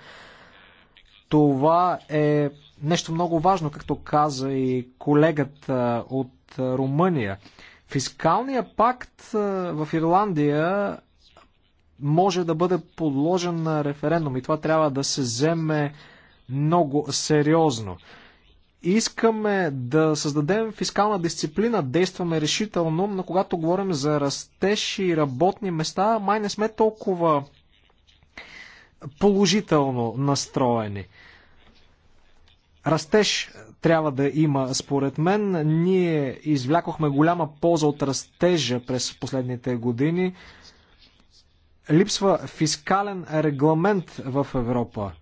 Това е нещо много важно, както каза и колегата от Румъния. Фискалният пакт в Ирландия може да бъде подложен на референдум и това трябва да се вземе много сериозно искаме да създадем фискална дисциплина, действаме решително, но когато говорим за растеж и работни места, май не сме толкова положително настроени. Растеж трябва да има, според мен. Ние извлякохме голяма полза от растежа през последните години. Липсва фискален регламент в Европа.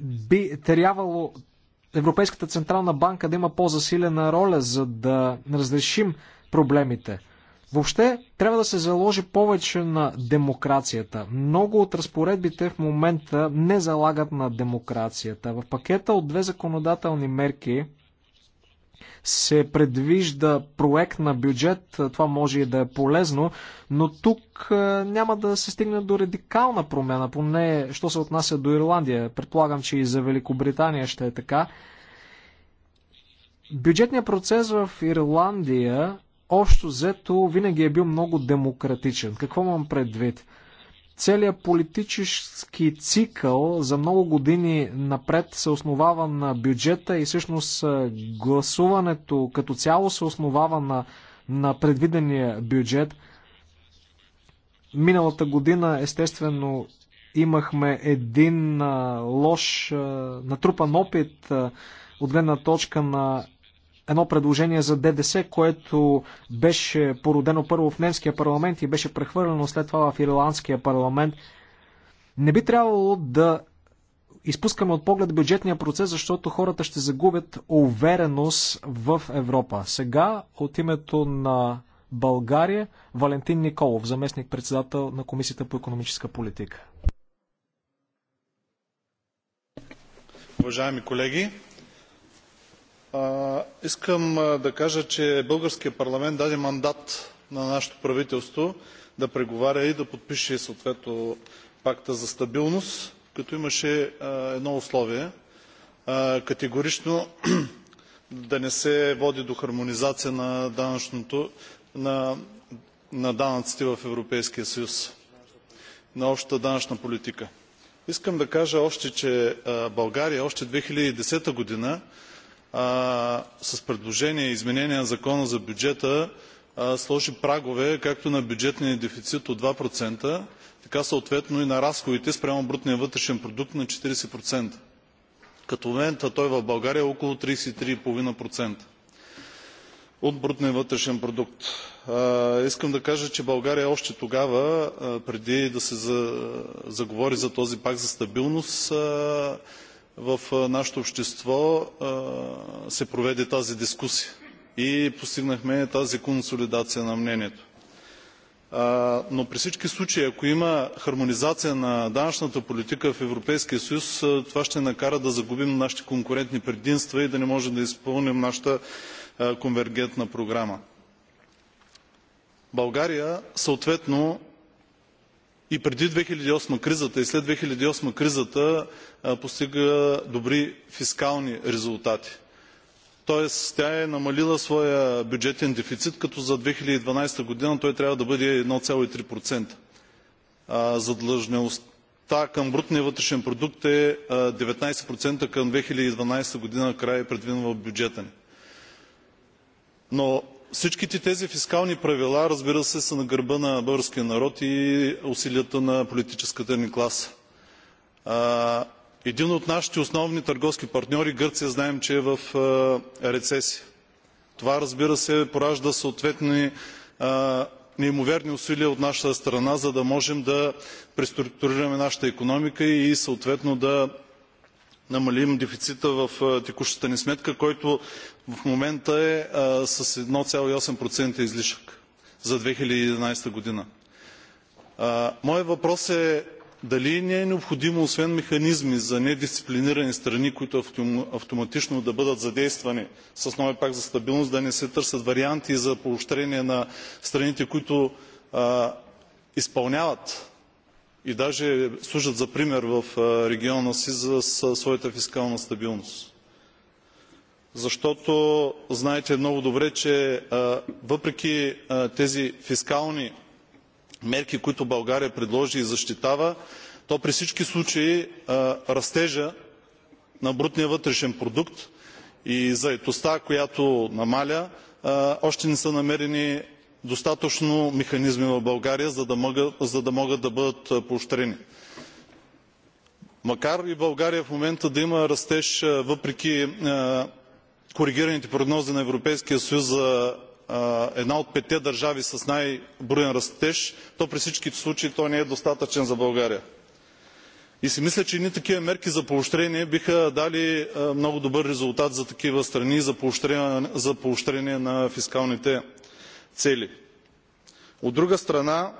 Би трябвало Европейската централна банка да има по-засилена роля, за да разрешим проблемите. Въобще трябва да се заложи повече на демокрацията. Много от разпоредбите в момента не залагат на демокрацията. В пакета от две законодателни мерки се предвижда проект на бюджет, това може и да е полезно, но тук няма да се стигне до радикална промяна, поне що се отнася до Ирландия. Предполагам, че и за Великобритания ще е така. Бюджетният процес в Ирландия общо взето винаги е бил много демократичен. Какво имам предвид? Целият политически цикъл за много години напред се основава на бюджета и всъщност гласуването като цяло се основава на, на предвидения бюджет. Миналата година, естествено, имахме един лош натрупан опит от гледна точка на едно предложение за ДДС, което беше породено първо в немския парламент и беше прехвърлено след това в ирландския парламент. Не би трябвало да изпускаме от поглед бюджетния процес, защото хората ще загубят увереност в Европа. Сега от името на България Валентин Николов, заместник председател на Комисията по економическа политика. Уважаеми колеги, Искам да кажа, че българският парламент даде мандат на нашето правителство да преговаря и да подпише съответно пакта за стабилност, като имаше едно условие категорично да не се води до хармонизация на данъците в Европейския съюз, на общата данъчна политика. Искам да кажа още, че България още 2010 година с предложение изменение на закона за бюджета сложи прагове както на бюджетния дефицит от 2%, така съответно и на разходите спрямо брутния вътрешен продукт на 40%. Като в момента той в България е около 33,5% от брутния вътрешен продукт. Искам да кажа, че България още тогава, преди да се заговори за този пакт за стабилност, в нашето общество се проведе тази дискусия и постигнахме тази консолидация на мнението. Но при всички случаи, ако има хармонизация на данъчната политика в Европейския съюз, това ще накара да загубим нашите конкурентни предимства и да не можем да изпълним нашата конвергентна програма. България съответно и преди 2008 кризата и след 2008 кризата постига добри фискални резултати. Тоест тя е намалила своя бюджетен дефицит, като за 2012 година той трябва да бъде 1,3%. Задлъжнеността към брутния вътрешен продукт е 19% към 2012 година край, е предвиден в бюджета ни. Но Всичките тези фискални правила, разбира се, са на гърба на българския народ и усилията на политическата ни класа. Един от нашите основни търговски партньори, Гърция, знаем, че е в рецесия. Това, разбира се, поражда съответни неимоверни усилия от нашата страна, за да можем да преструктурираме нашата економика и съответно да намалим дефицита в текущата ни сметка, който в момента е с 1,8% излишък за 2011 година. Моят въпрос е дали не е необходимо, освен механизми за недисциплинирани страни, които автоматично да бъдат задействани с новия пак за стабилност, да не се търсят варианти за поощрение на страните, които изпълняват и даже служат за пример в региона си за своята фискална стабилност. Защото знаете много добре, че въпреки тези фискални мерки, които България предложи и защитава, то при всички случаи растежа на брутния вътрешен продукт и заедостта, която намаля, още не са намерени достатъчно механизми в България, за да могат да бъдат поощрени. Макар и България в момента да има растеж, въпреки коригираните прогнози на Европейския съюз за една от петте държави с най-броен растеж, то при всички случаи то не е достатъчен за България. И си мисля, че едни такива мерки за поощрение биха дали много добър резултат за такива страни за поощрение на фискалните цели. от друга страна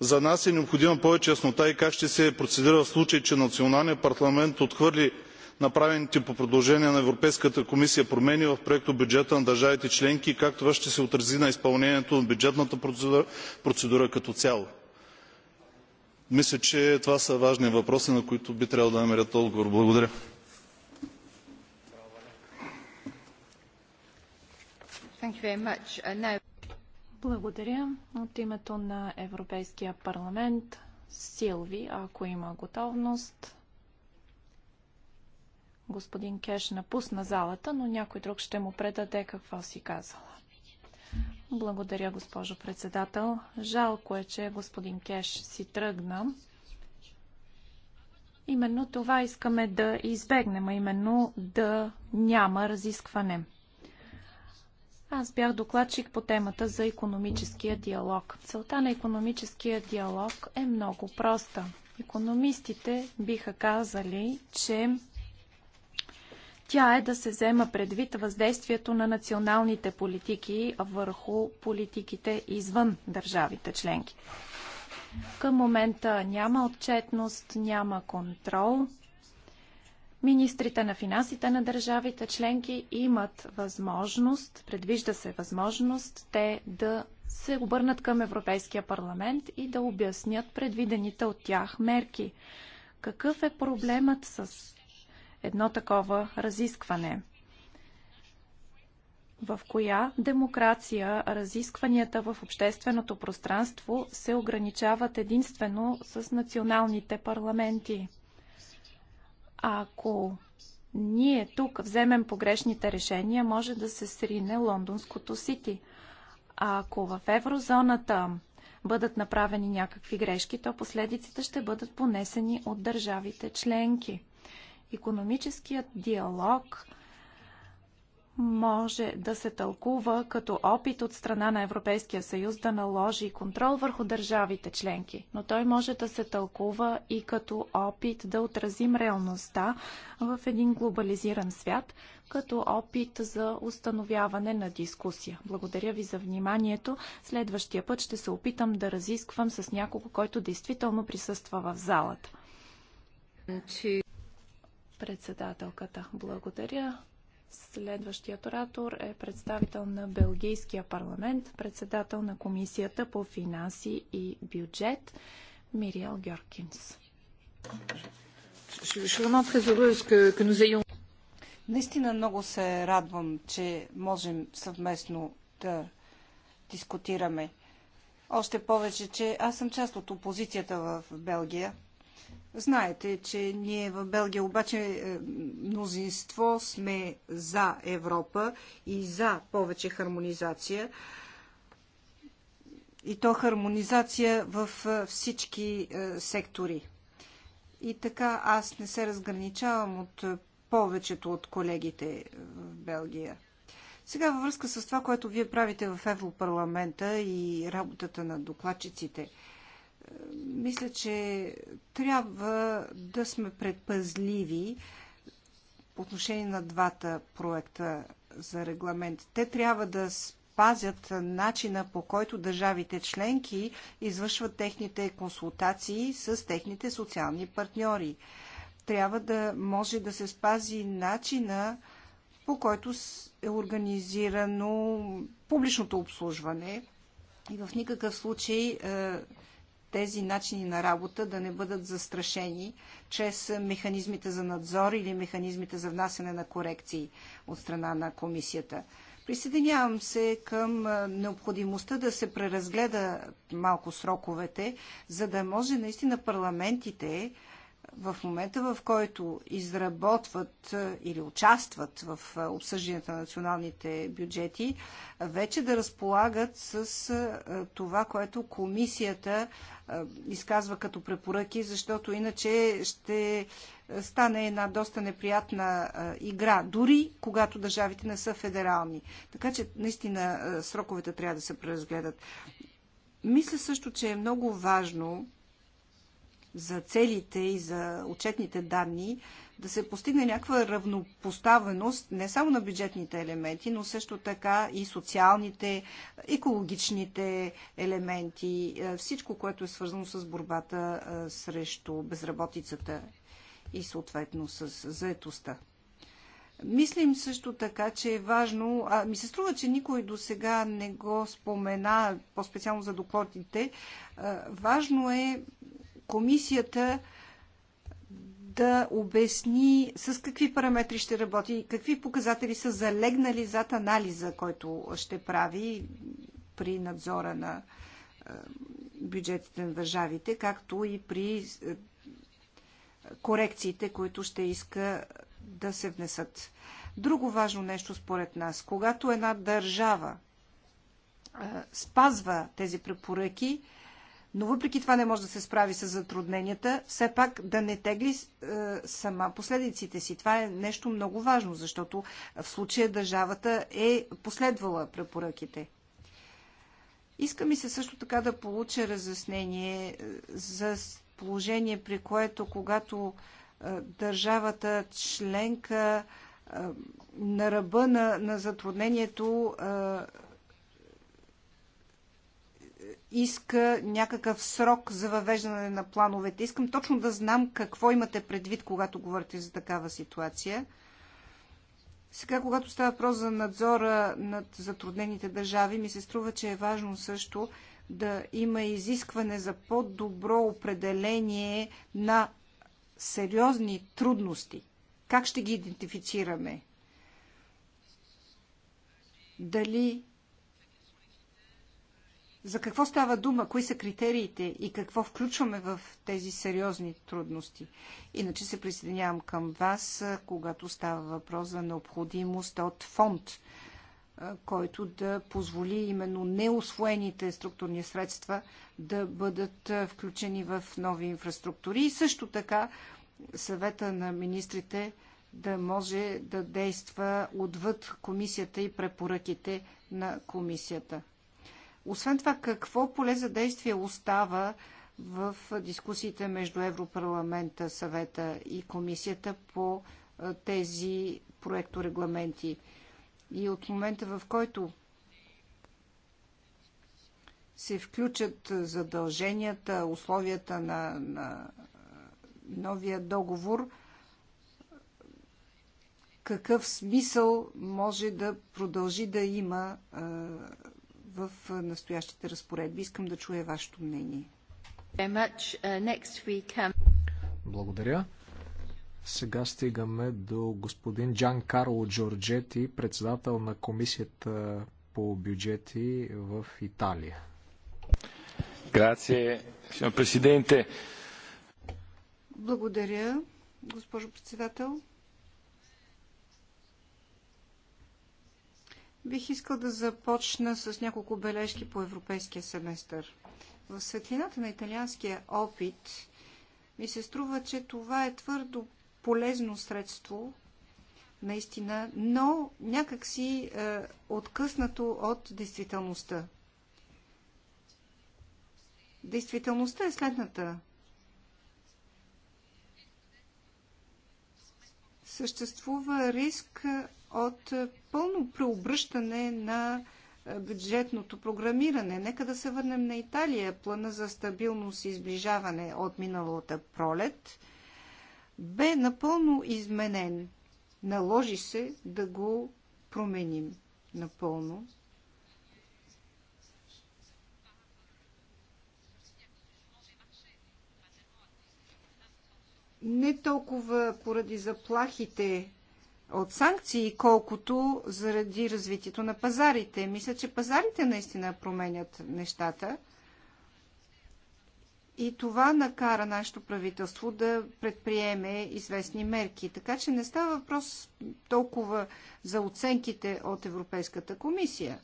за нас е необходима повече яснота и как ще се процедира в случай че националният парламент отхвърли направените по предложение на европейската комисия промени в проектобюджета на държавите членки и как това ще се отрази на изпълнението на бюджетната процедура като цяло. мисля че това са важни въпроси на които би трябвало да намерят отговор. благодаря. Thank you very much. Uh, now... Благодаря. От името на Европейския парламент Силви, ако има готовност. Господин Кеш напусна залата, но някой друг ще му предаде какво си казала. Благодаря, госпожо председател. Жалко е, че господин Кеш си тръгна. Именно това искаме да избегнем, а именно да няма разискване. Аз бях докладчик по темата за економическия диалог. Целта на економическия диалог е много проста. Економистите биха казали, че тя е да се взема предвид въздействието на националните политики върху политиките извън държавите членки. Към момента няма отчетност, няма контрол. Министрите на финансите на държавите членки имат възможност, предвижда се възможност, те да се обърнат към Европейския парламент и да обяснят предвидените от тях мерки. Какъв е проблемът с едно такова разискване? в коя демокрация разискванията в общественото пространство се ограничават единствено с националните парламенти. Ако ние тук вземем погрешните решения, може да се срине лондонското сити. А ако в еврозоната бъдат направени някакви грешки, то последиците ще бъдат понесени от държавите членки. Економическият диалог – може да се тълкува като опит от страна на Европейския съюз да наложи контрол върху държавите членки, но той може да се тълкува и като опит да отразим реалността в един глобализиран свят, като опит за установяване на дискусия. Благодаря ви за вниманието. Следващия път ще се опитам да разисквам с някого, който действително присъства в залата. Председателката, благодаря. Следващият оратор е представител на Белгийския парламент, председател на Комисията по финанси и бюджет Мириел Георгинс. Наистина много се радвам, че можем съвместно да дискутираме. Още повече, че аз съм част от опозицията в Белгия – Знаете, че ние в Белгия обаче е, мнозинство сме за Европа и за повече хармонизация. И то хармонизация в е, всички е, сектори. И така аз не се разграничавам от повечето от колегите в Белгия. Сега във връзка с това, което вие правите в Европарламента и работата на докладчиците – мисля, че трябва да сме предпазливи по отношение на двата проекта за регламент. Те трябва да пазят начина по който държавите членки извършват техните консултации с техните социални партньори. Трябва да може да се спази начина по който е организирано публичното обслужване и в никакъв случай е, тези начини на работа да не бъдат застрашени чрез механизмите за надзор или механизмите за внасяне на корекции от страна на комисията. Присъединявам се към необходимостта да се преразгледа малко сроковете, за да може наистина парламентите в момента, в който изработват или участват в обсъжданията на националните бюджети, вече да разполагат с това, което комисията изказва като препоръки, защото иначе ще стане една доста неприятна игра, дори когато държавите не са федерални. Така че наистина сроковете трябва да се преразгледат. Мисля също, че е много важно за целите и за отчетните данни, да се постигне някаква равнопоставеност не само на бюджетните елементи, но също така и социалните, екологичните елементи, е, всичко, което е свързано с борбата е, срещу безработицата и съответно с заетостта. Мислим също така, че е важно, а ми се струва, че никой до сега не го спомена, по-специално за докладите, е, важно е комисията да обясни с какви параметри ще работи и какви показатели са залегнали зад анализа, който ще прави при надзора на е, бюджетите на държавите, както и при е, корекциите, които ще иска да се внесат. Друго важно нещо според нас, когато една държава е, спазва тези препоръки, но въпреки това не може да се справи с затрудненията, все пак да не тегли е, сама последиците си. Това е нещо много важно, защото в случая държавата е последвала препоръките. Иска ми се също така да получа разяснение е, за положение, при което когато е, държавата членка е, на ръба на, на затруднението е, иска някакъв срок за въвеждане на плановете. Искам точно да знам какво имате предвид, когато говорите за такава ситуация. Сега, когато става въпрос за надзора над затруднените държави, ми се струва, че е важно също да има изискване за по-добро определение на сериозни трудности. Как ще ги идентифицираме? Дали за какво става дума, кои са критериите и какво включваме в тези сериозни трудности? Иначе се присъединявам към вас, когато става въпрос за необходимост от фонд, който да позволи именно неосвоените структурни средства да бъдат включени в нови инфраструктури и също така съвета на министрите да може да действа отвъд комисията и препоръките на комисията. Освен това, какво поле за действие остава в дискусиите между Европарламента, съвета и комисията по тези проекторегламенти? И от момента, в който се включат задълженията, условията на, на новия договор, какъв смисъл може да продължи да има в настоящите разпоредби. Искам да чуя вашето мнение. Uh, Благодаря. Сега стигаме до господин Джан Карло Джорджети, председател на комисията по бюджети в Италия. Грация, президенте. Благодаря, госпожо председател. Бих искал да започна с няколко бележки по европейския семестър. В светлината на италианския опит ми се струва, че това е твърдо полезно средство, наистина, но някакси е, откъснато от действителността. Действителността е следната. Съществува риск от е, пълно преобръщане на е, бюджетното програмиране. Нека да се върнем на Италия. Плана за стабилност и сближаване от миналата пролет бе напълно изменен. Наложи се да го променим напълно. Не толкова поради заплахите от санкции, колкото заради развитието на пазарите. Мисля, че пазарите наистина променят нещата. И това накара нашето правителство да предприеме известни мерки. Така че не става въпрос толкова за оценките от Европейската комисия.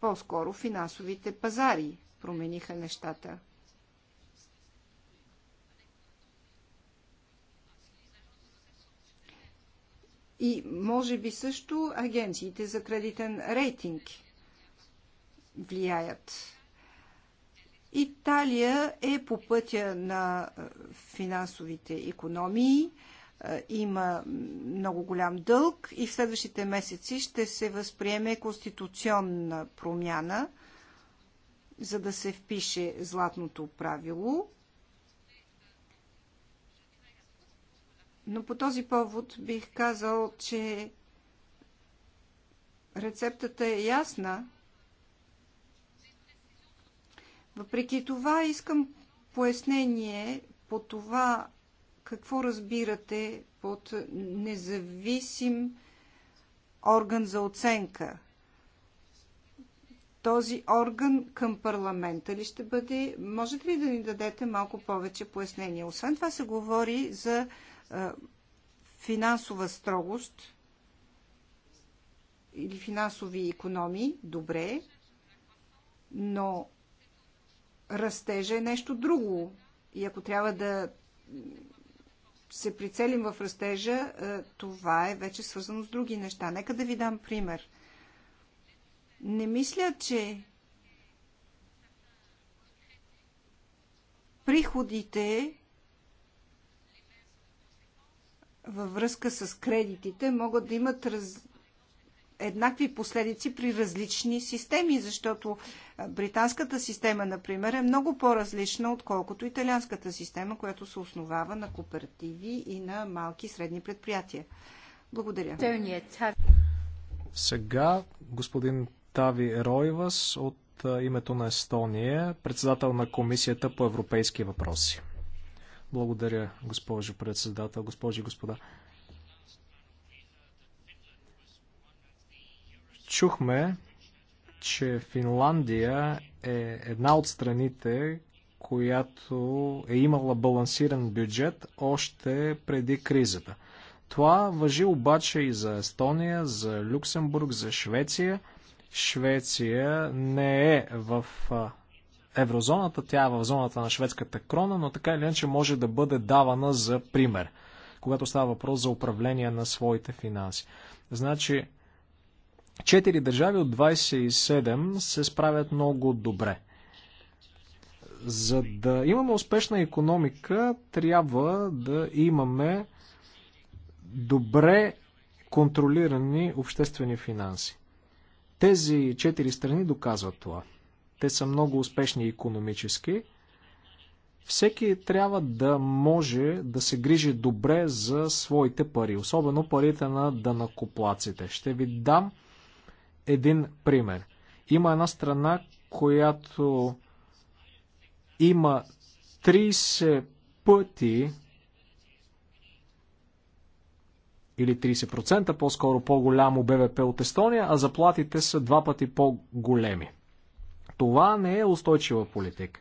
По-скоро финансовите пазари промениха нещата. и може би също агенциите за кредитен рейтинг влияят. Италия е по пътя на финансовите економии, има много голям дълг и в следващите месеци ще се възприеме конституционна промяна, за да се впише златното правило Но по този повод бих казал, че рецептата е ясна. Въпреки това искам пояснение по това какво разбирате под независим орган за оценка. Този орган към парламента ли ще бъде? Можете ли да ни дадете малко повече пояснение? Освен това се говори за финансова строгост или финансови економии, добре, но растежа е нещо друго. И ако трябва да се прицелим в растежа, това е вече свързано с други неща. Нека да ви дам пример. Не мисля, че приходите във връзка с кредитите могат да имат раз... еднакви последици при различни системи, защото британската система, например, е много по-различна, отколкото италианската система, която се основава на кооперативи и на малки и средни предприятия. Благодаря. Сега господин Тави Ройвас от името на Естония, председател на Комисията по европейски въпроси. Благодаря, госпожо председател, госпожи и господа. Чухме, че Финландия е една от страните, която е имала балансиран бюджет още преди кризата. Това въжи обаче и за Естония, за Люксембург, за Швеция. Швеция не е в еврозоната, тя е в зоната на шведската крона, но така или иначе може да бъде давана за пример, когато става въпрос за управление на своите финанси. Значи, 4 държави от 27 се справят много добре. За да имаме успешна економика, трябва да имаме добре контролирани обществени финанси. Тези четири страни доказват това. Те са много успешни економически. Всеки трябва да може да се грижи добре за своите пари, особено парите на данакоплаците. Ще ви дам един пример. Има една страна, която има 30 пъти или 30% по-скоро по-голямо БВП от Естония, а заплатите са два пъти по-големи. Това не е устойчива политика.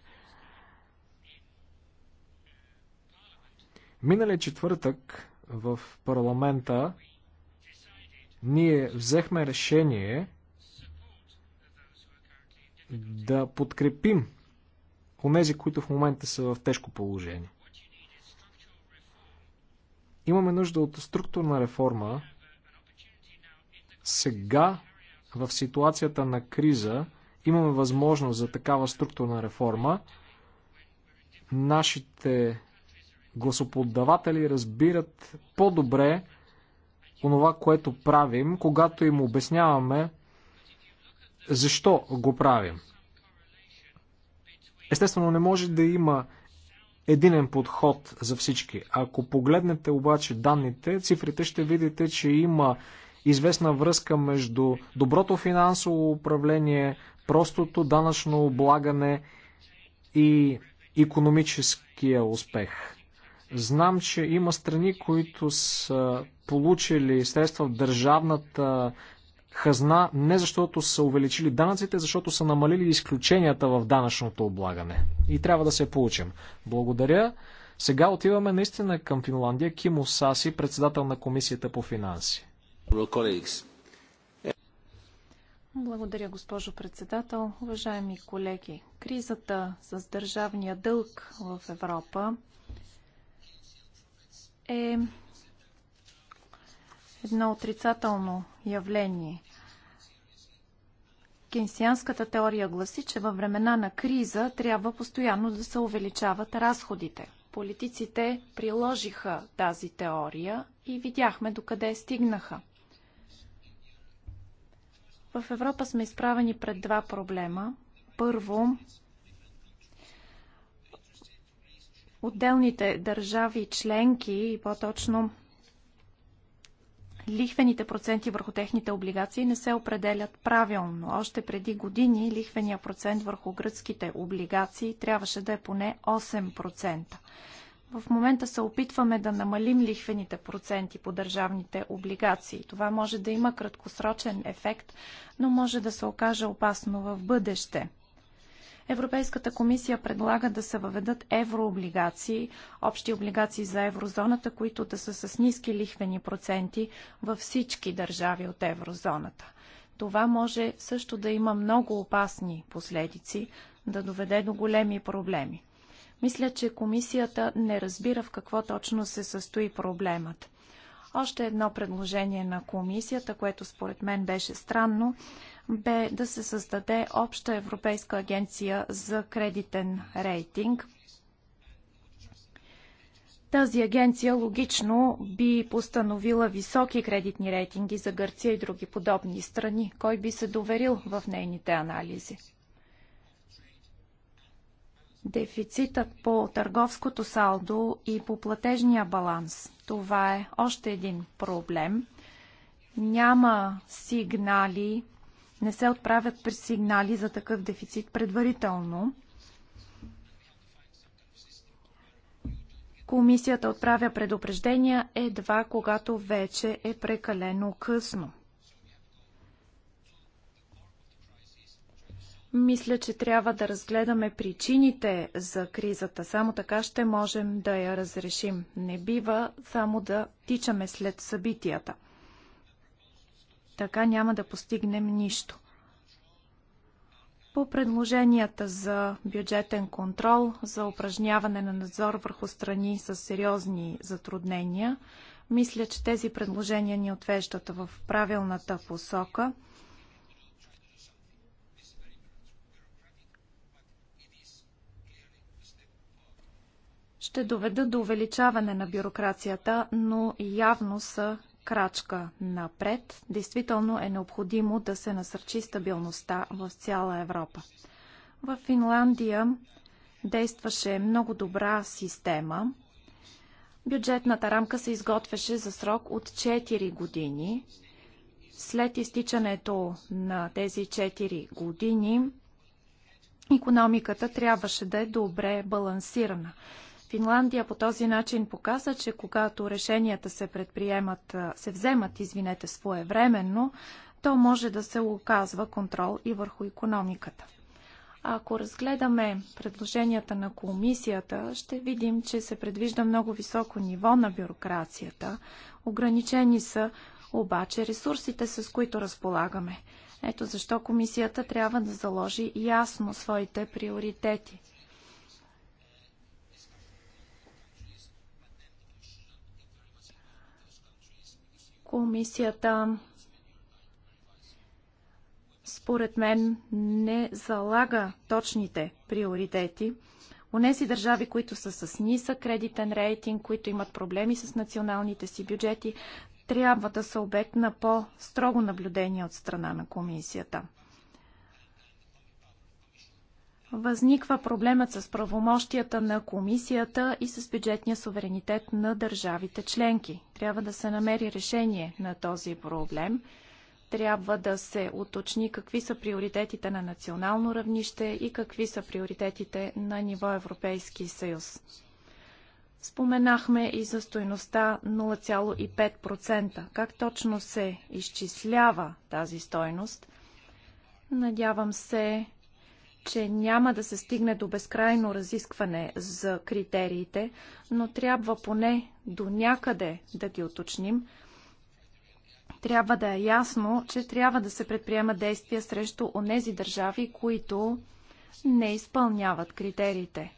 Миналия четвъртък в парламента ние взехме решение да подкрепим онези, които в момента са в тежко положение. Имаме нужда от структурна реформа. Сега, в ситуацията на криза, имаме възможност за такава структурна реформа, нашите гласоподдаватели разбират по-добре онова, което правим, когато им обясняваме защо го правим. Естествено, не може да има единен подход за всички. Ако погледнете обаче данните, цифрите ще видите, че има известна връзка между доброто финансово управление, простото данъчно облагане и економическия успех. Знам, че има страни, които са получили средства в държавната хазна не защото са увеличили данъците, защото са намалили изключенията в данъчното облагане. И трябва да се получим. Благодаря. Сега отиваме наистина към Финландия. Кимо Саси, председател на Комисията по финанси. Благодаря, госпожо председател. Уважаеми колеги, кризата с държавния дълг в Европа е едно отрицателно явление. Кенсианската теория гласи, че във времена на криза трябва постоянно да се увеличават разходите. Политиците приложиха тази теория и видяхме докъде стигнаха. В Европа сме изправени пред два проблема. Първо, отделните държави членки и по-точно лихвените проценти върху техните облигации не се определят правилно. Още преди години лихвения процент върху гръцките облигации трябваше да е поне 8%. В момента се опитваме да намалим лихвените проценти по държавните облигации. Това може да има краткосрочен ефект, но може да се окаже опасно в бъдеще. Европейската комисия предлага да се въведат еврооблигации, общи облигации за еврозоната, които да са с ниски лихвени проценти във всички държави от еврозоната. Това може също да има много опасни последици, да доведе до големи проблеми. Мисля, че комисията не разбира в какво точно се състои проблемът. Още едно предложение на комисията, което според мен беше странно, бе да се създаде обща Европейска агенция за кредитен рейтинг. Тази агенция логично би постановила високи кредитни рейтинги за Гърция и други подобни страни. Кой би се доверил в нейните анализи? Дефицитът по търговското салдо и по платежния баланс. Това е още един проблем. Няма сигнали, не се отправят при сигнали за такъв дефицит предварително. Комисията отправя предупреждения едва когато вече е прекалено късно. Мисля, че трябва да разгледаме причините за кризата. Само така ще можем да я разрешим. Не бива само да тичаме след събитията. Така няма да постигнем нищо. По предложенията за бюджетен контрол, за упражняване на надзор върху страни с сериозни затруднения, мисля, че тези предложения ни отвеждат в правилната посока – ще доведат до увеличаване на бюрокрацията, но явно са крачка напред. Действително е необходимо да се насърчи стабилността в цяла Европа. В Финландия действаше много добра система. Бюджетната рамка се изготвяше за срок от 4 години. След изтичането на тези 4 години, економиката трябваше да е добре балансирана. Финландия по този начин показа, че когато решенията се предприемат, се вземат, извинете, своевременно, то може да се оказва контрол и върху економиката. Ако разгледаме предложенията на комисията, ще видим, че се предвижда много високо ниво на бюрокрацията. Ограничени са обаче ресурсите, с които разполагаме. Ето защо комисията трябва да заложи ясно своите приоритети. Комисията според мен не залага точните приоритети. Унеси държави, които са с нисък кредитен рейтинг, които имат проблеми с националните си бюджети, трябва да са обект на по-строго наблюдение от страна на комисията възниква проблемът с правомощията на комисията и с бюджетния суверенитет на държавите членки. Трябва да се намери решение на този проблем. Трябва да се уточни какви са приоритетите на национално равнище и какви са приоритетите на ниво Европейски съюз. Споменахме и за стоеността 0,5%. Как точно се изчислява тази стоеност? Надявам се че няма да се стигне до безкрайно разискване за критериите, но трябва поне до някъде да ги уточним. Трябва да е ясно, че трябва да се предприема действия срещу онези държави, които не изпълняват критериите.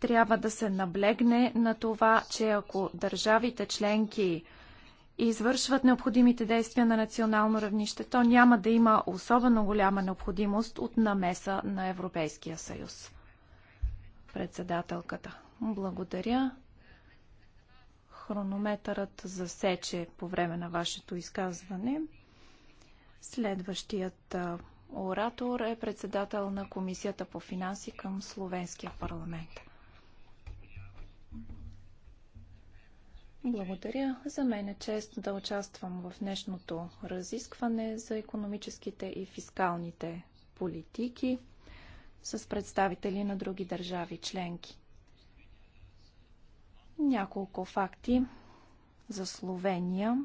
Трябва да се наблегне на това, че ако държавите членки и извършват необходимите действия на национално равнище, то няма да има особено голяма необходимост от намеса на Европейския съюз. Председателката. Благодаря. Хронометърът засече по време на вашето изказване. Следващият оратор е председател на Комисията по финанси към Словенския парламент. Благодаря. За мен е чест да участвам в днешното разискване за економическите и фискалните политики с представители на други държави членки. Няколко факти за Словения.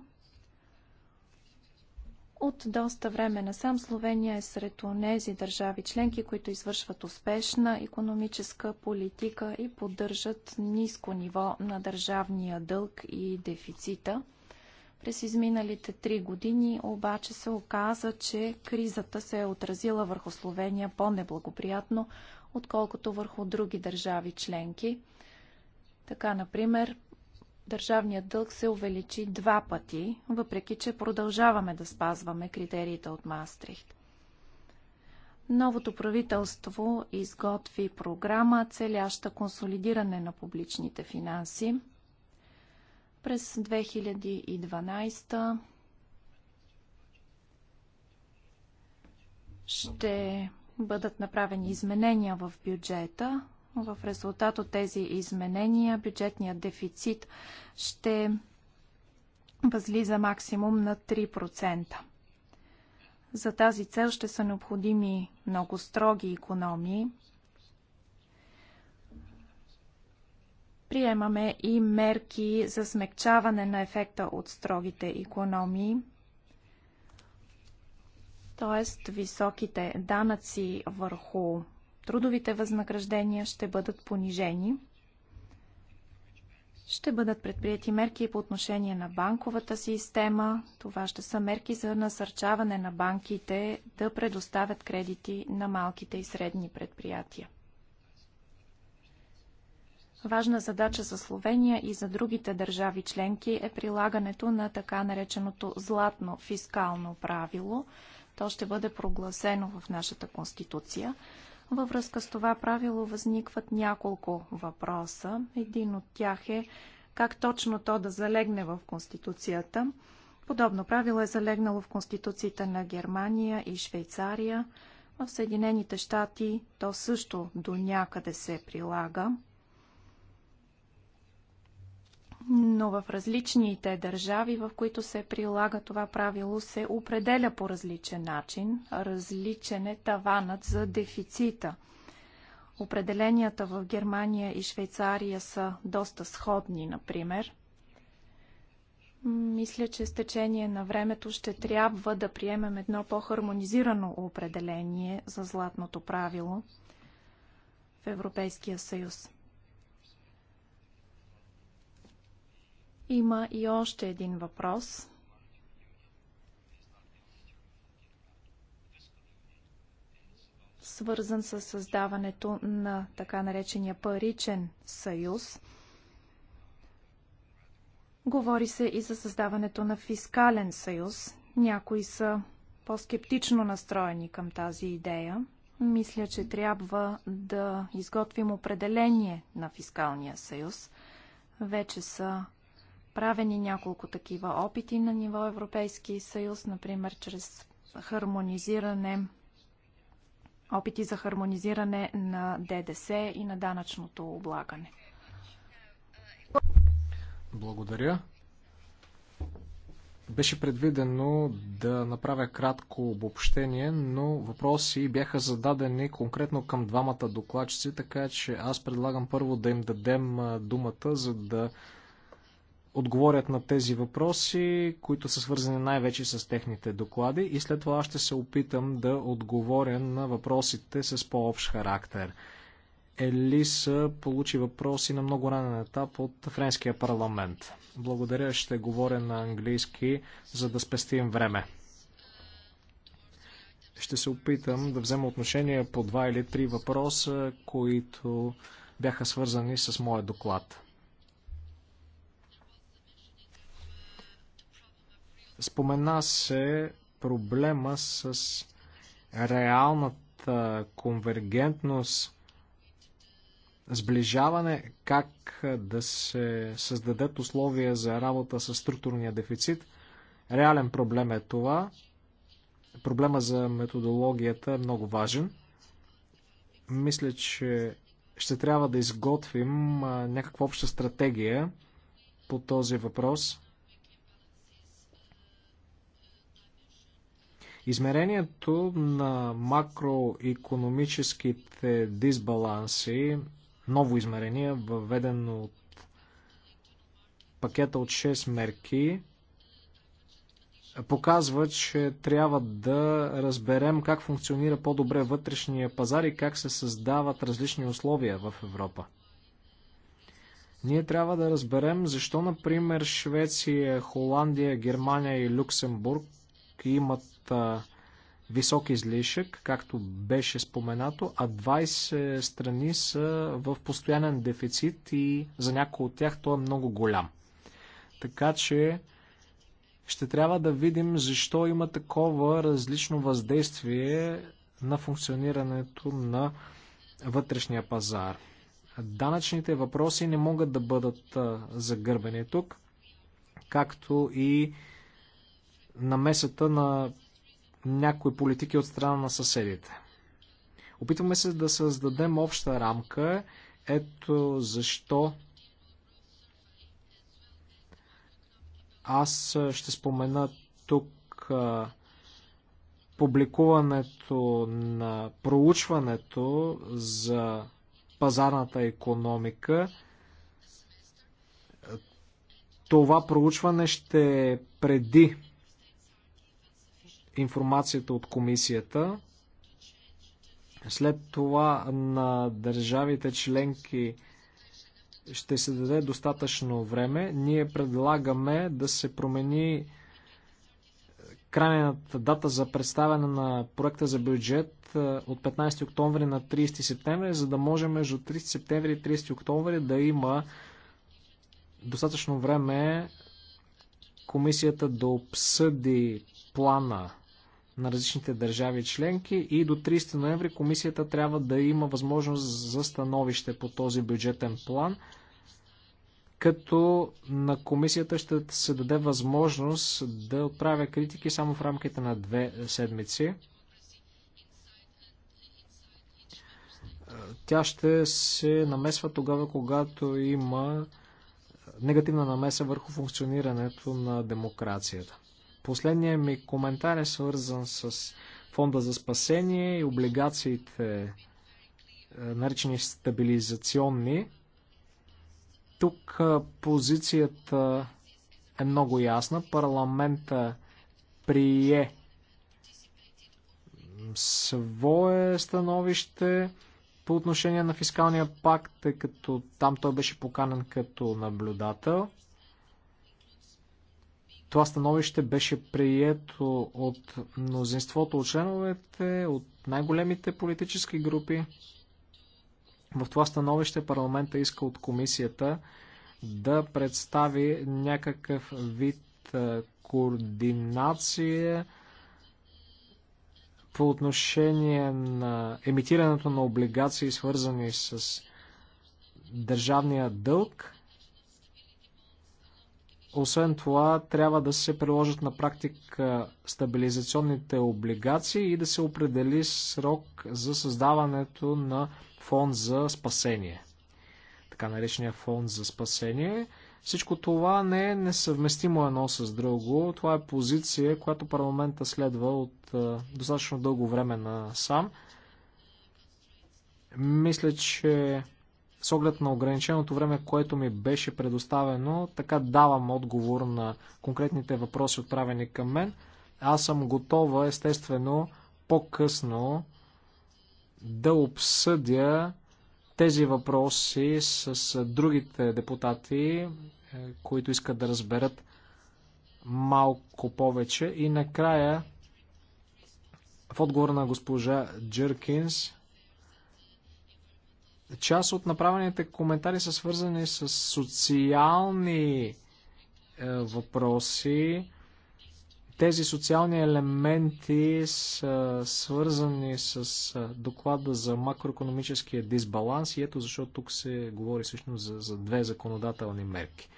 От доста време насам Словения е сред онези държави членки, които извършват успешна економическа политика и поддържат ниско ниво на държавния дълг и дефицита. През изминалите три години обаче се оказа, че кризата се е отразила върху Словения по-неблагоприятно, отколкото върху други държави членки. Така, например, държавният дълг се увеличи два пъти, въпреки че продължаваме да спазваме критериите от Маастрихт. Новото правителство изготви програма, целяща консолидиране на публичните финанси. През 2012 ще бъдат направени изменения в бюджета, в резултат от тези изменения бюджетният дефицит ще възлиза максимум на 3%. За тази цел ще са необходими много строги економии. Приемаме и мерки за смекчаване на ефекта от строгите економии, т.е. високите данъци върху трудовите възнаграждения ще бъдат понижени. Ще бъдат предприяти мерки по отношение на банковата система. Това ще са мерки за насърчаване на банките да предоставят кредити на малките и средни предприятия. Важна задача за Словения и за другите държави членки е прилагането на така нареченото златно фискално правило. То ще бъде прогласено в нашата конституция. Във връзка с това правило възникват няколко въпроса. Един от тях е как точно то да залегне в Конституцията. Подобно правило е залегнало в Конституциите на Германия и Швейцария. В Съединените щати то също до някъде се прилага но в различните държави, в които се прилага това правило, се определя по различен начин. Различен е таванът за дефицита. Определенията в Германия и Швейцария са доста сходни, например. Мисля, че с течение на времето ще трябва да приемем едно по-хармонизирано определение за златното правило в Европейския съюз. Има и още един въпрос. свързан с създаването на така наречения паричен съюз. Говори се и за създаването на фискален съюз. Някои са по-скептично настроени към тази идея. Мисля, че трябва да изготвим определение на фискалния съюз. Вече са правени няколко такива опити на ниво Европейски съюз, например чрез хармонизиране опити за хармонизиране на ДДС и на данъчното облагане. Благодаря. Беше предвидено да направя кратко обобщение, но въпроси бяха зададени конкретно към двамата докладчици, така че аз предлагам първо да им дадем думата, за да отговорят на тези въпроси, които са свързани най-вече с техните доклади и след това ще се опитам да отговоря на въпросите с по-общ характер. Елиса получи въпроси на много ранен етап от Френския парламент. Благодаря, ще говоря на английски, за да спестим време. Ще се опитам да взема отношение по два или три въпроса, които бяха свързани с моя доклад. Спомена се проблема с реалната конвергентност, сближаване, как да се създадат условия за работа с структурния дефицит. Реален проблем е това. Проблема за методологията е много важен. Мисля, че ще трябва да изготвим някаква обща стратегия по този въпрос. Измерението на макроекономическите дисбаланси, ново измерение, въведено от пакета от 6 мерки, показва, че трябва да разберем как функционира по-добре вътрешния пазар и как се създават различни условия в Европа. Ние трябва да разберем защо, например, Швеция, Холандия, Германия и Люксембург имат висок излишък, както беше споменато, а 20 страни са в постоянен дефицит и за някои от тях то е много голям. Така че ще трябва да видим защо има такова различно въздействие на функционирането на вътрешния пазар. Данъчните въпроси не могат да бъдат загърбени тук, както и намесата на някои политики от страна на съседите. Опитваме се да създадем обща рамка. Ето защо аз ще спомена тук публикуването на проучването за пазарната економика. Това проучване ще е преди информацията от комисията. След това на държавите членки ще се даде достатъчно време. Ние предлагаме да се промени крайната дата за представяне на проекта за бюджет е, от 15 октомври на 30 септември, за да може между 30 септември и 30 октомври да има достатъчно време комисията да обсъди плана на различните държави членки и до 30 ноември комисията трябва да има възможност за становище по този бюджетен план, като на комисията ще се даде възможност да отправя критики само в рамките на две седмици. Тя ще се намесва тогава, когато има негативна намеса върху функционирането на демокрацията. Последният ми коментар е свързан с фонда за спасение и облигациите, е, наречени стабилизационни. Тук е, позицията е много ясна. Парламента прие свое становище по отношение на фискалния пакт, тъй като там той беше поканен като наблюдател – това становище беше прието от мнозинството от членовете, от най-големите политически групи. В това становище парламента иска от комисията да представи някакъв вид координация по отношение на емитирането на облигации, свързани с държавния дълг. Освен това, трябва да се приложат на практика стабилизационните облигации и да се определи срок за създаването на фонд за спасение. Така наречения фонд за спасение. Всичко това не е несъвместимо едно с друго. Това е позиция, която парламента следва от достатъчно дълго време на сам. Мисля, че с оглед на ограниченото време, което ми беше предоставено, така давам отговор на конкретните въпроси, отправени към мен. Аз съм готова, естествено, по-късно да обсъдя тези въпроси с другите депутати, е, които искат да разберат малко повече. И накрая, в отговор на госпожа Джеркинс, Част от направените коментари са свързани с социални е, въпроси. Тези социални елементи са свързани с е, доклада за макроекономическия дисбаланс и ето защо тук се говори всъщност за, за две законодателни мерки.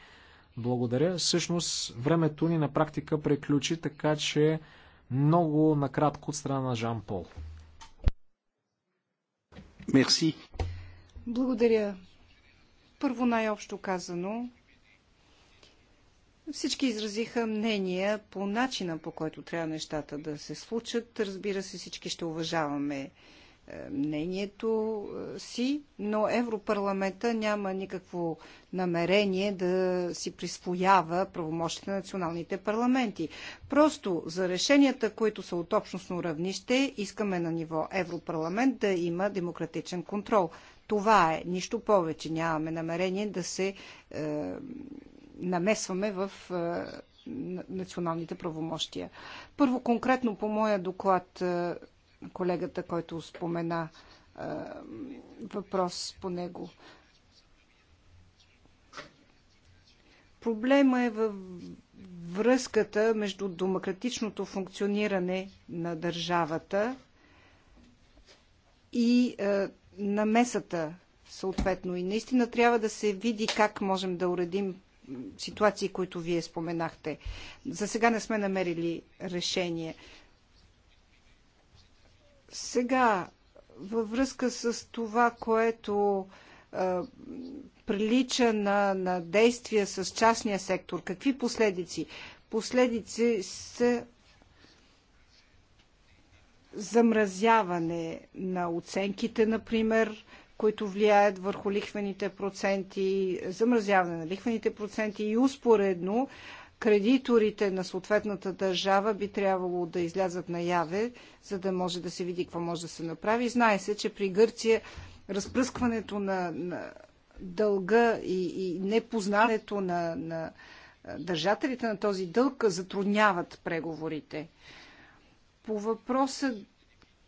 Благодаря. Всъщност времето ни на практика приключи, така че много накратко от страна на Жан Пол. Мерси. Благодаря. Първо най-общо казано, всички изразиха мнения по начина, по който трябва нещата да се случат. Разбира се, всички ще уважаваме е, мнението е, си, но Европарламента няма никакво намерение да си присвоява правомощите на националните парламенти. Просто за решенията, които са от общностно равнище, искаме на ниво Европарламент да има демократичен контрол. Това е. Нищо повече. Нямаме намерение да се е, намесваме в е, националните правомощия. Първо, конкретно по моя доклад, е, колегата, който спомена е, въпрос по него. Проблема е във връзката между демократичното функциониране на държавата и е, намесата съответно. И наистина трябва да се види как можем да уредим ситуации, които вие споменахте. За сега не сме намерили решение. Сега, във връзка с това, което е, прилича на, на действия с частния сектор, какви последици? Последици са замразяване на оценките, например, които влияят върху лихвените проценти, замразяване на лихвените проценти и успоредно кредиторите на съответната държава би трябвало да излязат наяве, за да може да се види какво може да се направи. Знае се, че при Гърция разпръскването на, на дълга и, и непознаването на, на държателите на този дълг затрудняват преговорите. По въпроса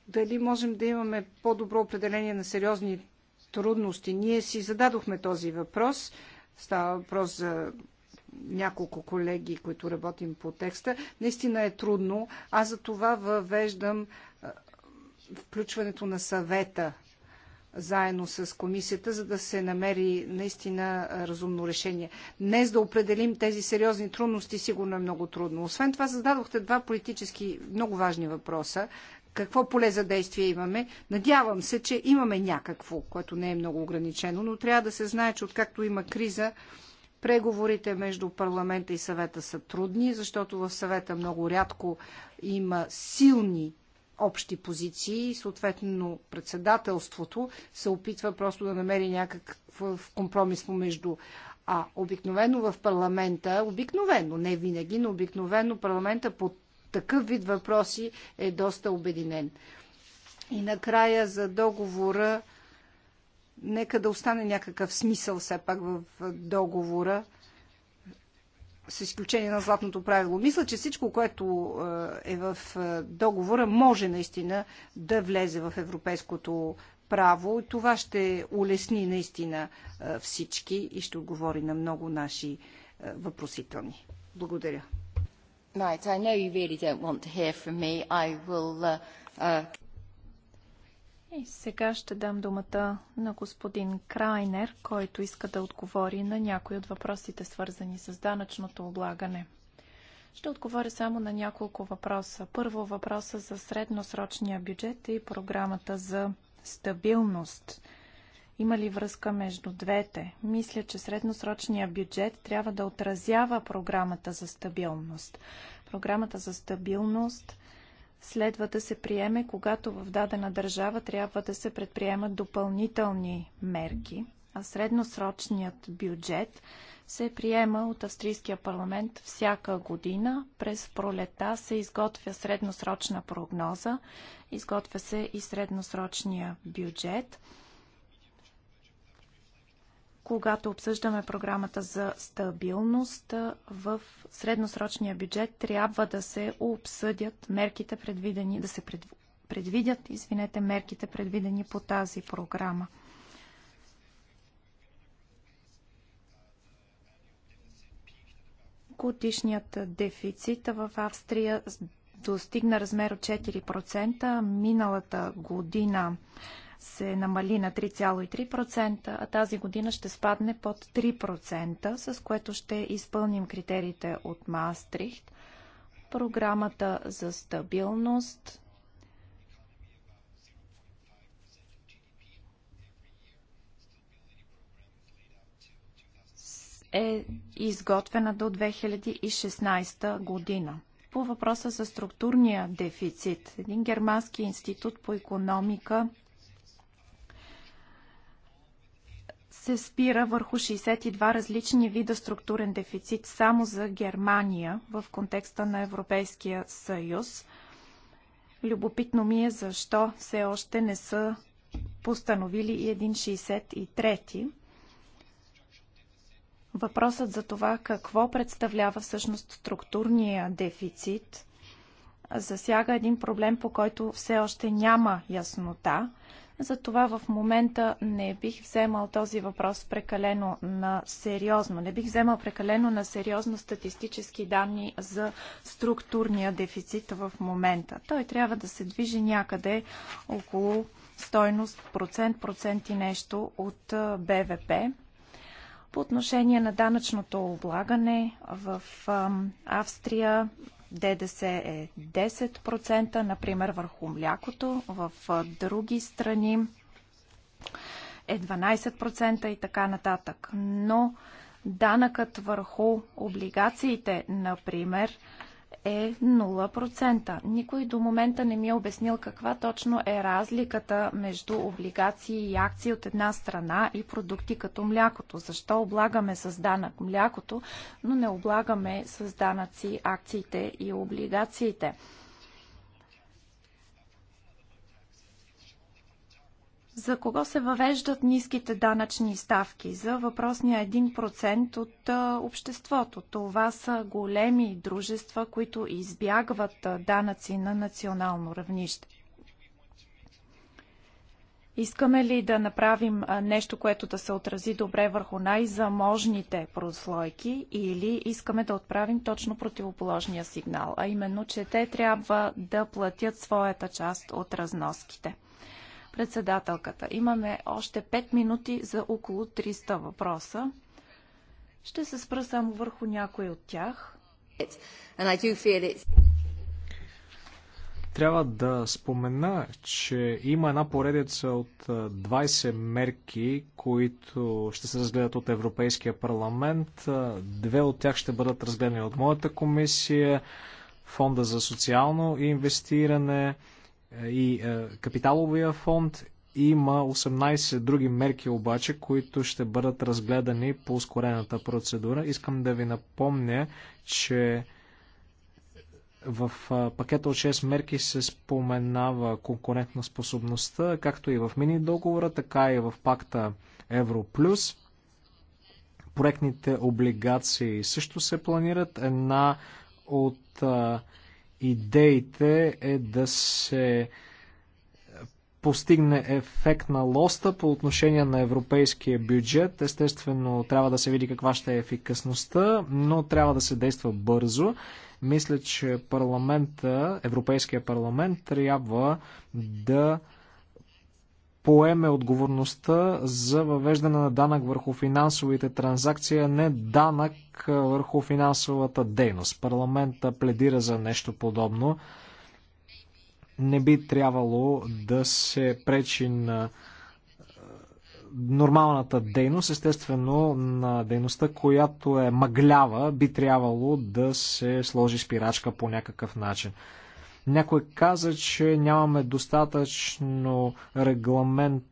дали можем да имаме по-добро определение на сериозни трудности, ние си зададохме този въпрос. Става въпрос за няколко колеги, които работим по текста. Наистина е трудно. Аз за това въвеждам включването на съвета заедно с комисията, за да се намери наистина разумно решение. Днес да определим тези сериозни трудности сигурно е много трудно. Освен това зададохте два политически много важни въпроса. Какво поле за действие имаме? Надявам се, че имаме някакво, което не е много ограничено, но трябва да се знае, че откакто има криза, Преговорите между парламента и съвета са трудни, защото в съвета много рядко има силни общи позиции. Съответно, председателството се опитва просто да намери някакъв компромис помежду. А обикновено в парламента, обикновено, не винаги, но обикновено парламента по такъв вид въпроси е доста обединен. И накрая за договора, нека да остане някакъв смисъл все пак в договора – с изключение на златното правило. Мисля, че всичко, което е, е в е, договора, може наистина да влезе в европейското право. Това ще улесни наистина е, всички и ще отговори на много наши въпросителни. Благодаря. Right, I know you really don't want to hear from me. I will uh, uh... И сега ще дам думата на господин Крайнер, който иска да отговори на някои от въпросите, свързани с данъчното облагане. Ще отговоря само на няколко въпроса. Първо въпроса за средносрочния бюджет и програмата за стабилност. Има ли връзка между двете? Мисля, че средносрочният бюджет трябва да отразява програмата за стабилност. Програмата за стабилност следва да се приеме, когато в дадена държава трябва да се предприемат допълнителни мерки, а средносрочният бюджет се приема от австрийския парламент всяка година. През пролета се изготвя средносрочна прогноза, изготвя се и средносрочния бюджет – когато обсъждаме програмата за стабилност, в средносрочния бюджет трябва да се обсъдят мерките предвидени, да се пред, предвидят, извинете, мерките предвидени по тази програма. Годишният дефицит в Австрия достигна размер от 4% миналата година се намали на 3,3%, а тази година ще спадне под 3%, с което ще изпълним критериите от Маастрихт. Програмата за стабилност е изготвена до 2016 година. По въпроса за структурния дефицит, един германски институт по економика – се спира върху 62 различни вида структурен дефицит само за Германия в контекста на Европейския съюз. Любопитно ми е защо все още не са постановили и един 63 Въпросът за това какво представлява всъщност структурния дефицит засяга един проблем, по който все още няма яснота. Затова в момента не бих вземал този въпрос прекалено на сериозно. Не бих вземал прекалено на сериозно статистически данни за структурния дефицит в момента. Той трябва да се движи някъде около стойност процент, процент и нещо от БВП. По отношение на данъчното облагане в Австрия ДДС е 10%, например върху млякото, в други страни е 12% и така нататък. Но данъкът върху облигациите, например, е 0%. Никой до момента не ми е обяснил каква точно е разликата между облигации и акции от една страна и продукти като млякото. Защо облагаме с данък млякото, но не облагаме с данъци акциите и облигациите? За кого се въвеждат ниските данъчни ставки? За въпросния 1% от обществото. Това са големи дружества, които избягват данъци на национално равнище. Искаме ли да направим нещо, което да се отрази добре върху най-заможните прослойки или искаме да отправим точно противоположния сигнал, а именно, че те трябва да платят своята част от разноските? Председателката, имаме още 5 минути за около 300 въпроса. Ще се спра само върху някои от тях. Трябва да спомена, че има една поредица от 20 мерки, които ще се разгледат от Европейския парламент. Две от тях ще бъдат разгледани от моята комисия, Фонда за социално инвестиране, и е, капиталовия фонд. Има 18 други мерки обаче, които ще бъдат разгледани по ускорената процедура. Искам да ви напомня, че в е, пакета от 6 мерки се споменава конкурентна способността, както и в мини договора, така и в пакта Европлюс. Проектните облигации също се планират. Една от е, идеите е да се постигне ефект на лоста по отношение на европейския бюджет. Естествено, трябва да се види каква ще е ефикасността, но трябва да се действа бързо. Мисля, че парламента, Европейския парламент трябва да поеме отговорността за въвеждане на данък върху финансовите транзакции, а не данък върху финансовата дейност. Парламента пледира за нещо подобно. Не би трябвало да се пречи на нормалната дейност, естествено на дейността, която е мъглява, би трябвало да се сложи спирачка по някакъв начин. Някой каза, че нямаме достатъчно регламент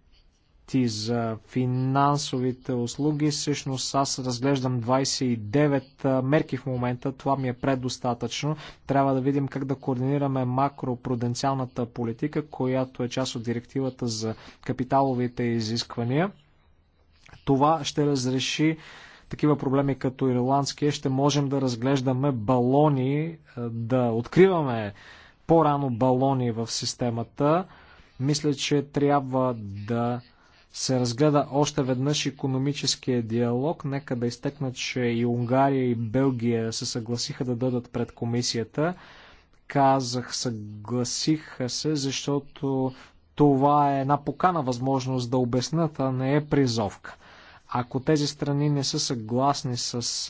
за финансовите услуги. Всъщност аз разглеждам 29 мерки в момента. Това ми е предостатъчно. Трябва да видим как да координираме макропруденциалната политика, която е част от директивата за капиталовите изисквания. Това ще разреши такива проблеми като ирландския. Ще можем да разглеждаме балони, да откриваме по-рано балони в системата. Мисля, че трябва да се разгледа още веднъж економическия диалог. Нека да изтекна, че и Унгария и Белгия се съгласиха да дадат пред комисията. Казах, съгласиха се, защото това е една покана възможност да обяснат, а не е призовка. Ако тези страни не са съгласни с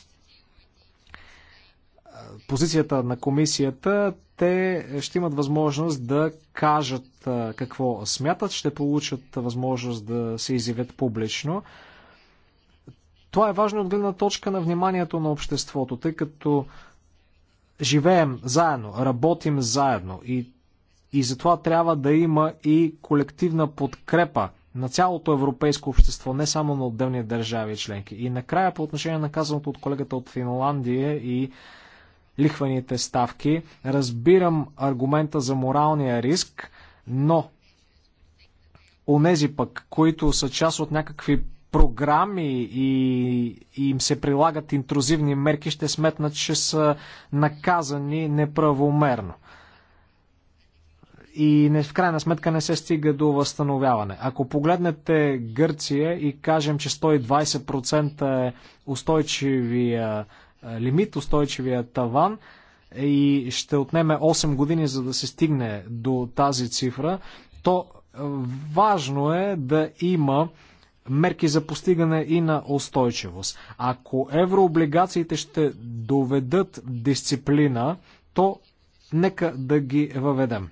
позицията на комисията, те ще имат възможност да кажат какво смятат, ще получат възможност да се изявят публично. Това е важно от гледна точка на вниманието на обществото, тъй като живеем заедно, работим заедно и, и затова трябва да има и колективна подкрепа на цялото европейско общество, не само на отделни държави и членки. И накрая по отношение на казаното от колегата от Финландия и лихвените ставки. Разбирам аргумента за моралния риск, но онези пък, които са част от някакви програми и, и им се прилагат интрузивни мерки, ще сметнат, че са наказани неправомерно. И не, в крайна сметка не се стига до възстановяване. Ако погледнете Гърция и кажем, че 120% е устойчивия лимит, устойчивия таван е и ще отнеме 8 години за да се стигне до тази цифра, то важно е да има мерки за постигане и на устойчивост. Ако еврооблигациите ще доведат дисциплина, то нека да ги въведем.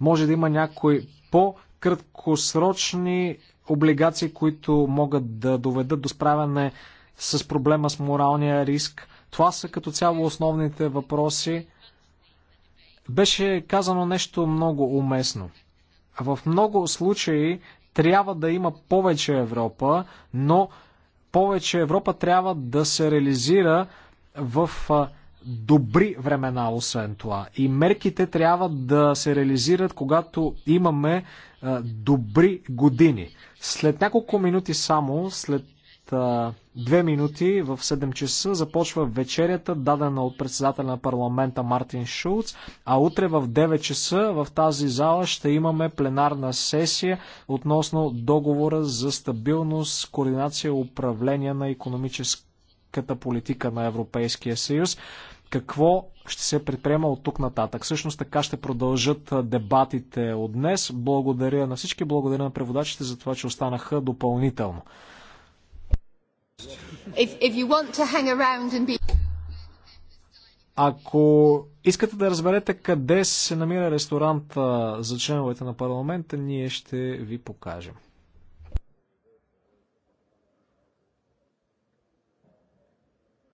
Може да има някои по-краткосрочни облигации, които могат да доведат до справяне с проблема с моралния риск. Това са като цяло основните въпроси. Беше казано нещо много уместно. В много случаи трябва да има повече Европа, но повече Европа трябва да се реализира в добри времена, освен това. И мерките трябва да се реализират, когато имаме добри години. След няколко минути само, след две минути в 7 часа започва вечерята, дадена от председател на парламента Мартин Шулц, а утре в 9 часа в тази зала ще имаме пленарна сесия относно договора за стабилност, координация и управление на економическата политика на Европейския съюз. Какво ще се предприема от тук нататък? Всъщност така ще продължат дебатите от днес. Благодаря на всички, благодаря на преводачите за това, че останаха допълнително. Ако искате да разберете къде се намира ресторанта за членовете на парламента, ние ще ви покажем.